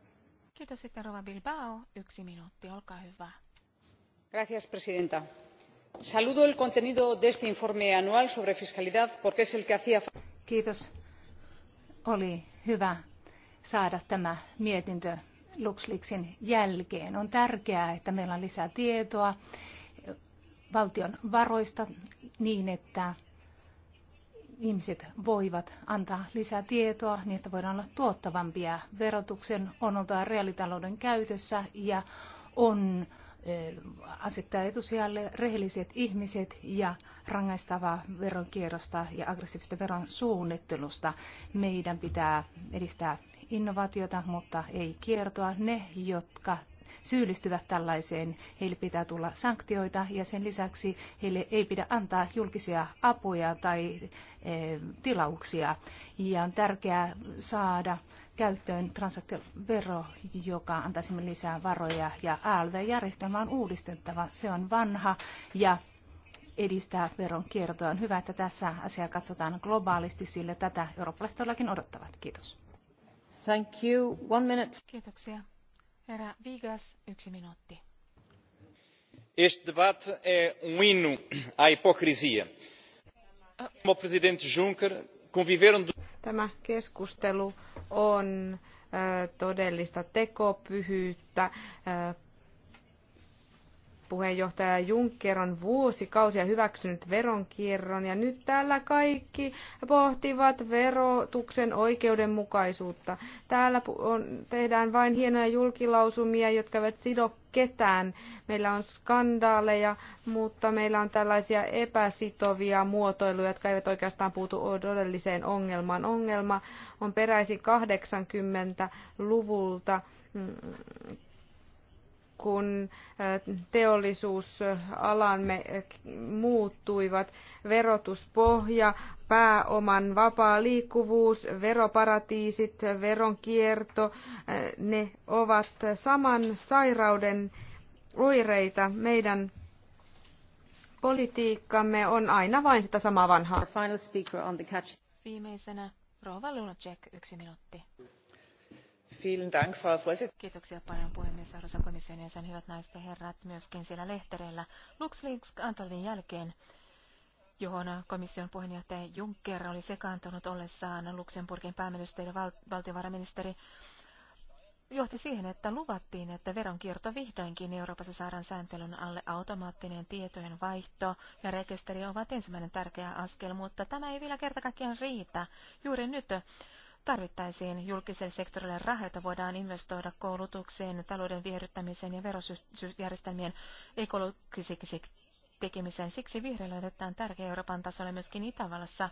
Kiitos, sitten Rova Bilbao. Yksi minuutti, olkaa hyvä. Gracias, presidenta saludo el contenido de este informe anual sobre fiscalidad porque es el que hacía Kiitos. Oli hyvä saada tämä mietintö LuxLeaksin jälkeen. On tärkeää, että meillä on lisää tietoa valtion varoista niin, että ihmiset voivat antaa lisää tietoa niin, että voidaan olla tuottavampia. Verotuksen on oltava reaalitalouden käytössä ja on Eh, asettaa etusijalle rehelliset ihmiset ja rangaistavaa veronkierrosta ja aggressiivista veron suunnittelusta. Meidän pitää edistää innovaatiota, mutta ei kiertoa. Ne, jotka syyllistyvät tällaiseen. Heille pitää tulla sanktioita ja sen lisäksi heille ei pidä antaa julkisia apuja tai e, tilauksia. Ja on tärkeää saada käyttöön transaktiovero, joka antaisi lisää varoja ja ALV-järjestelmä on uudistettava. Se on vanha ja edistää veron kiertoa On hyvä, että tässä asiaa katsotaan globaalisti, sillä tätä eurooppalaiset todellakin odottavat. Kiitos. Thank you. One minute. Kiitoksia. Herra Vigas, yksi minuutti. Este debate é um hino à hipocrisia. Como presidente Juncker conviveram... Tämä keskustelu on eh, todellista tekopyhyyttä, eh, puheenjohtaja Juncker on vuosikausia hyväksynyt veronkierron ja nyt täällä kaikki pohtivat verotuksen oikeudenmukaisuutta. Täällä on, tehdään vain hienoja julkilausumia, jotka eivät sido ketään. Meillä on skandaaleja, mutta meillä on tällaisia epäsitovia muotoiluja, jotka eivät oikeastaan puutu todelliseen ongelmaan. Ongelma on peräisin 80-luvulta kun teollisuusalamme muuttuivat. Verotuspohja, pääoman vapaa liikkuvuus, veroparatiisit, veronkierto, ne ovat saman sairauden oireita. Meidän politiikkamme on aina vain sitä samaa vanhaa. Viimeisenä Rova Lunacek, yksi minuutti. Kiitoksia paljon puhemies, arvoisa komission jäsen, hyvät naiset ja herrat, myöskin siellä lehtereillä. LuxLeaks-antalin jälkeen johon komission puheenjohtaja Juncker oli sekaantunut ollessaan Luxemburgin pääministeri ja val- valtiovarainministeri, johti siihen, että luvattiin, että veronkierto vihdoinkin Euroopassa saadaan sääntelyn alle automaattinen tietojen vaihto ja rekisteri ovat ensimmäinen tärkeä askel, mutta tämä ei vielä kerta kaikkiaan riitä. Juuri nyt Tarvittaisiin julkisen sektorille rahaa, voidaan investoida koulutukseen, talouden viherryttämiseen ja verosjärjestelmien ekologisiksi tekemiseen. Siksi vihreillä on tärkeä Euroopan tasolla myöskin Itävallassa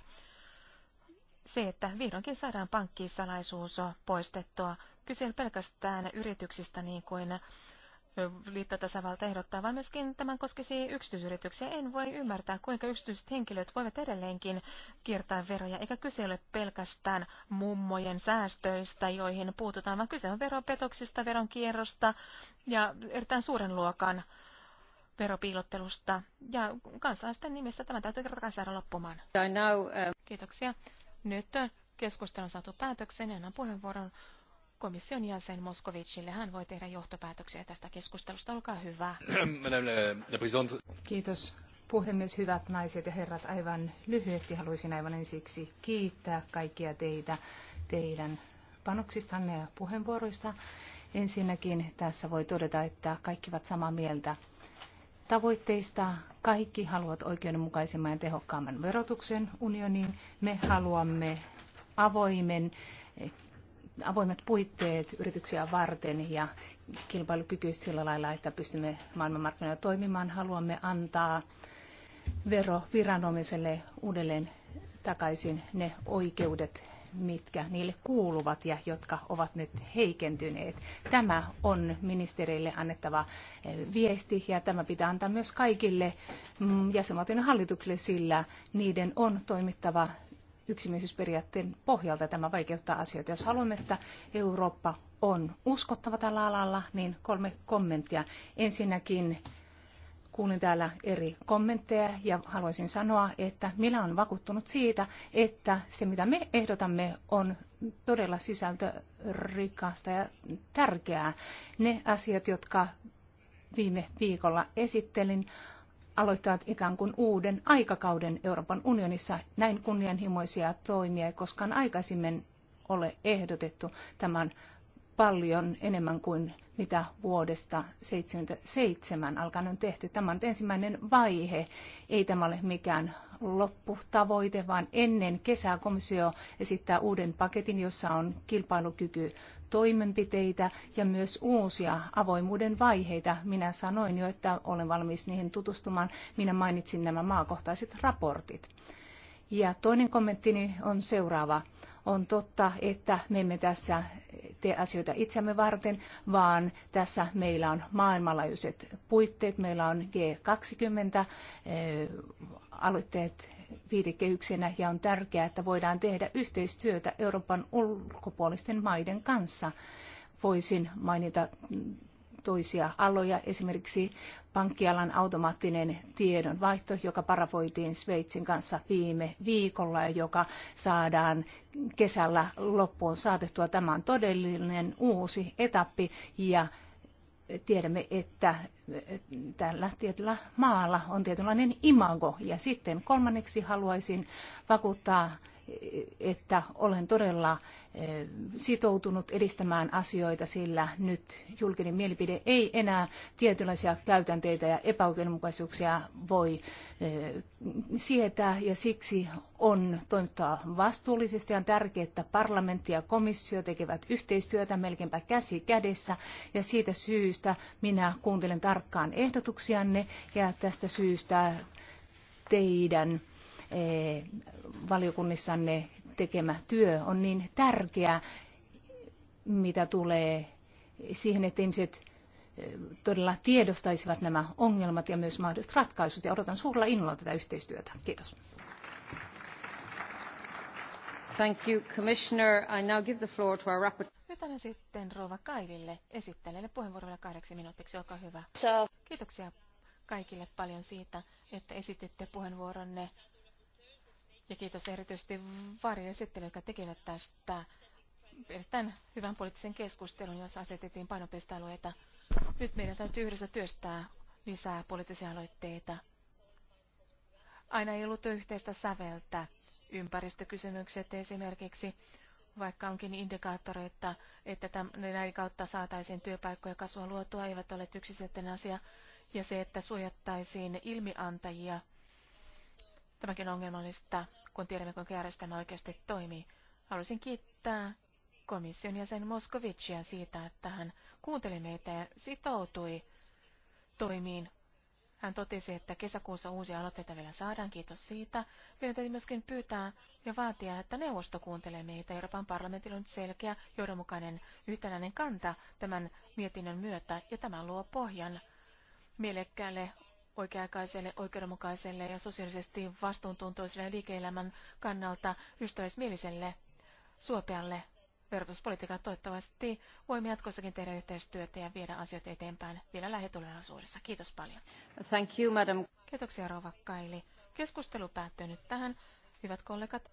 se, että vihdoinkin saadaan pankkisalaisuus poistettua. Kyse pelkästään yrityksistä niin kuin liittotasavalta ehdottaa, vaan myöskin tämän koskisi yksityisyrityksiä. En voi ymmärtää, kuinka yksityiset henkilöt voivat edelleenkin kiertää veroja, eikä kyse ole pelkästään mummojen säästöistä, joihin puututaan, vaan kyse on veropetoksista, veronkierrosta ja erittäin suuren luokan veropiilottelusta. Ja kansalaisten nimessä tämä täytyy kertakaan saada loppumaan. Uh, Kiitoksia. Nyt keskustelu on saatu päätökseen ja annan puheenvuoron komission jäsen Moskovicille. Hän voi tehdä johtopäätöksiä tästä keskustelusta. Olkaa hyvä. (clears throat) Kiitos puhemies, hyvät naiset ja herrat. Aivan lyhyesti haluaisin aivan ensiksi kiittää kaikkia teitä teidän panoksistanne ja puheenvuoroista. Ensinnäkin tässä voi todeta, että kaikki ovat samaa mieltä tavoitteista. Kaikki haluavat oikeudenmukaisemman ja tehokkaamman verotuksen unioniin. Me haluamme avoimen avoimet puitteet yrityksiä varten ja kilpailukykyistä sillä lailla, että pystymme maailmanmarkkinoilla toimimaan. Haluamme antaa veroviranomaiselle uudelleen takaisin ne oikeudet, mitkä niille kuuluvat ja jotka ovat nyt heikentyneet. Tämä on ministerille annettava viesti ja tämä pitää antaa myös kaikille jäsenvaltioiden hallituksille, sillä niiden on toimittava yksimielisyysperiaatteen pohjalta. Tämä vaikeuttaa asioita. Jos haluamme, että Eurooppa on uskottava tällä alalla, niin kolme kommenttia. Ensinnäkin kuulin täällä eri kommentteja ja haluaisin sanoa, että minä olen vakuuttunut siitä, että se mitä me ehdotamme on todella sisältörikasta ja tärkeää. Ne asiat, jotka viime viikolla esittelin, aloittavat ikään kuin uuden aikakauden Euroopan unionissa. Näin kunnianhimoisia toimia ei koskaan aikaisemmin ole ehdotettu. Tämä on paljon enemmän kuin mitä vuodesta 1977 alkaen on tehty. Tämä on ensimmäinen vaihe. Ei tämä ole mikään lopputavoite, vaan ennen kesää komissio esittää uuden paketin, jossa on kilpailukyky toimenpiteitä ja myös uusia avoimuuden vaiheita. Minä sanoin jo, että olen valmis niihin tutustumaan. Minä mainitsin nämä maakohtaiset raportit. Ja toinen kommenttini on seuraava. On totta, että me emme tässä tee asioita itseämme varten, vaan tässä meillä on maailmanlaajuiset puitteet. Meillä on G20 eh, aloitteet viitekehyksenä ja on tärkeää, että voidaan tehdä yhteistyötä Euroopan ulkopuolisten maiden kanssa voisin mainita toisia aloja, esimerkiksi pankkialan automaattinen tiedonvaihto, joka paravoitiin Sveitsin kanssa viime viikolla ja joka saadaan kesällä loppuun saatettua. Tämä on todellinen uusi etappi ja tiedämme, että tällä tietyllä maalla on tietynlainen imago. Ja sitten kolmanneksi haluaisin vakuuttaa että olen todella eh, sitoutunut edistämään asioita, sillä nyt julkinen mielipide ei enää tietynlaisia käytänteitä ja epäoikeudenmukaisuuksia voi eh, sietää ja siksi on toimittava vastuullisesti ja on tärkeää, että parlamentti ja komissio tekevät yhteistyötä melkeinpä käsi kädessä ja siitä syystä minä kuuntelen tarkkaan ehdotuksianne ja tästä syystä teidän Eh, valiokunnissanne tekemä työ on niin tärkeä, mitä tulee siihen, että ihmiset eh, todella tiedostaisivat nämä ongelmat ja myös mahdolliset ratkaisut. Ja odotan suurella innolla tätä yhteistyötä. Kiitos. Thank you, Commissioner. I now give the floor to our rapport. Nyt annan sitten Rova Kaiville esittelijälle puheenvuorolla kahdeksi minuutiksi. Olkaa hyvä. Kiitoksia kaikille paljon siitä, että esititte puheenvuoronne ja kiitos erityisesti varjoesittelijöille, jotka tekevät tästä erittäin hyvän poliittisen keskustelun, jossa asetettiin painopistealueita. Nyt meidän täytyy yhdessä työstää lisää poliittisia aloitteita. Aina ei ollut yhteistä säveltä. Ympäristökysymykset esimerkiksi, vaikka onkin indikaattoreita, että tämän, näiden kautta saataisiin työpaikkoja kasvua luotua, eivät ole yksiselitteinen asia. Ja se, että suojattaisiin ilmiantajia – Tämäkin on ongelmallista, kun tiedämme, kuinka järjestelmä oikeasti toimii. Haluaisin kiittää komission jäsen Moskovicia siitä, että hän kuunteli meitä ja sitoutui toimiin. Hän totesi, että kesäkuussa uusia aloitteita vielä saadaan, kiitos siitä. Meidän täytyy myöskin pyytää ja vaatia, että neuvosto kuuntelee meitä. Euroopan parlamentilla on nyt selkeä, johdonmukainen yhtenäinen kanta tämän mietinnön myötä, ja tämä luo pohjan mielekkäälle oikea-aikaiselle, oikeudenmukaiselle ja sosiaalisesti vastuuntuntoiselle liike-elämän kannalta ystävällismieliselle suopealle verotuspolitiikalle. Toivottavasti voimme jatkossakin tehdä yhteistyötä ja viedä asioita eteenpäin vielä lähitulevaisuudessa. Kiitos paljon. Thank you, madam. Kiitoksia, Rova Kaili. Keskustelu päättyy nyt tähän. Hyvät kollegat,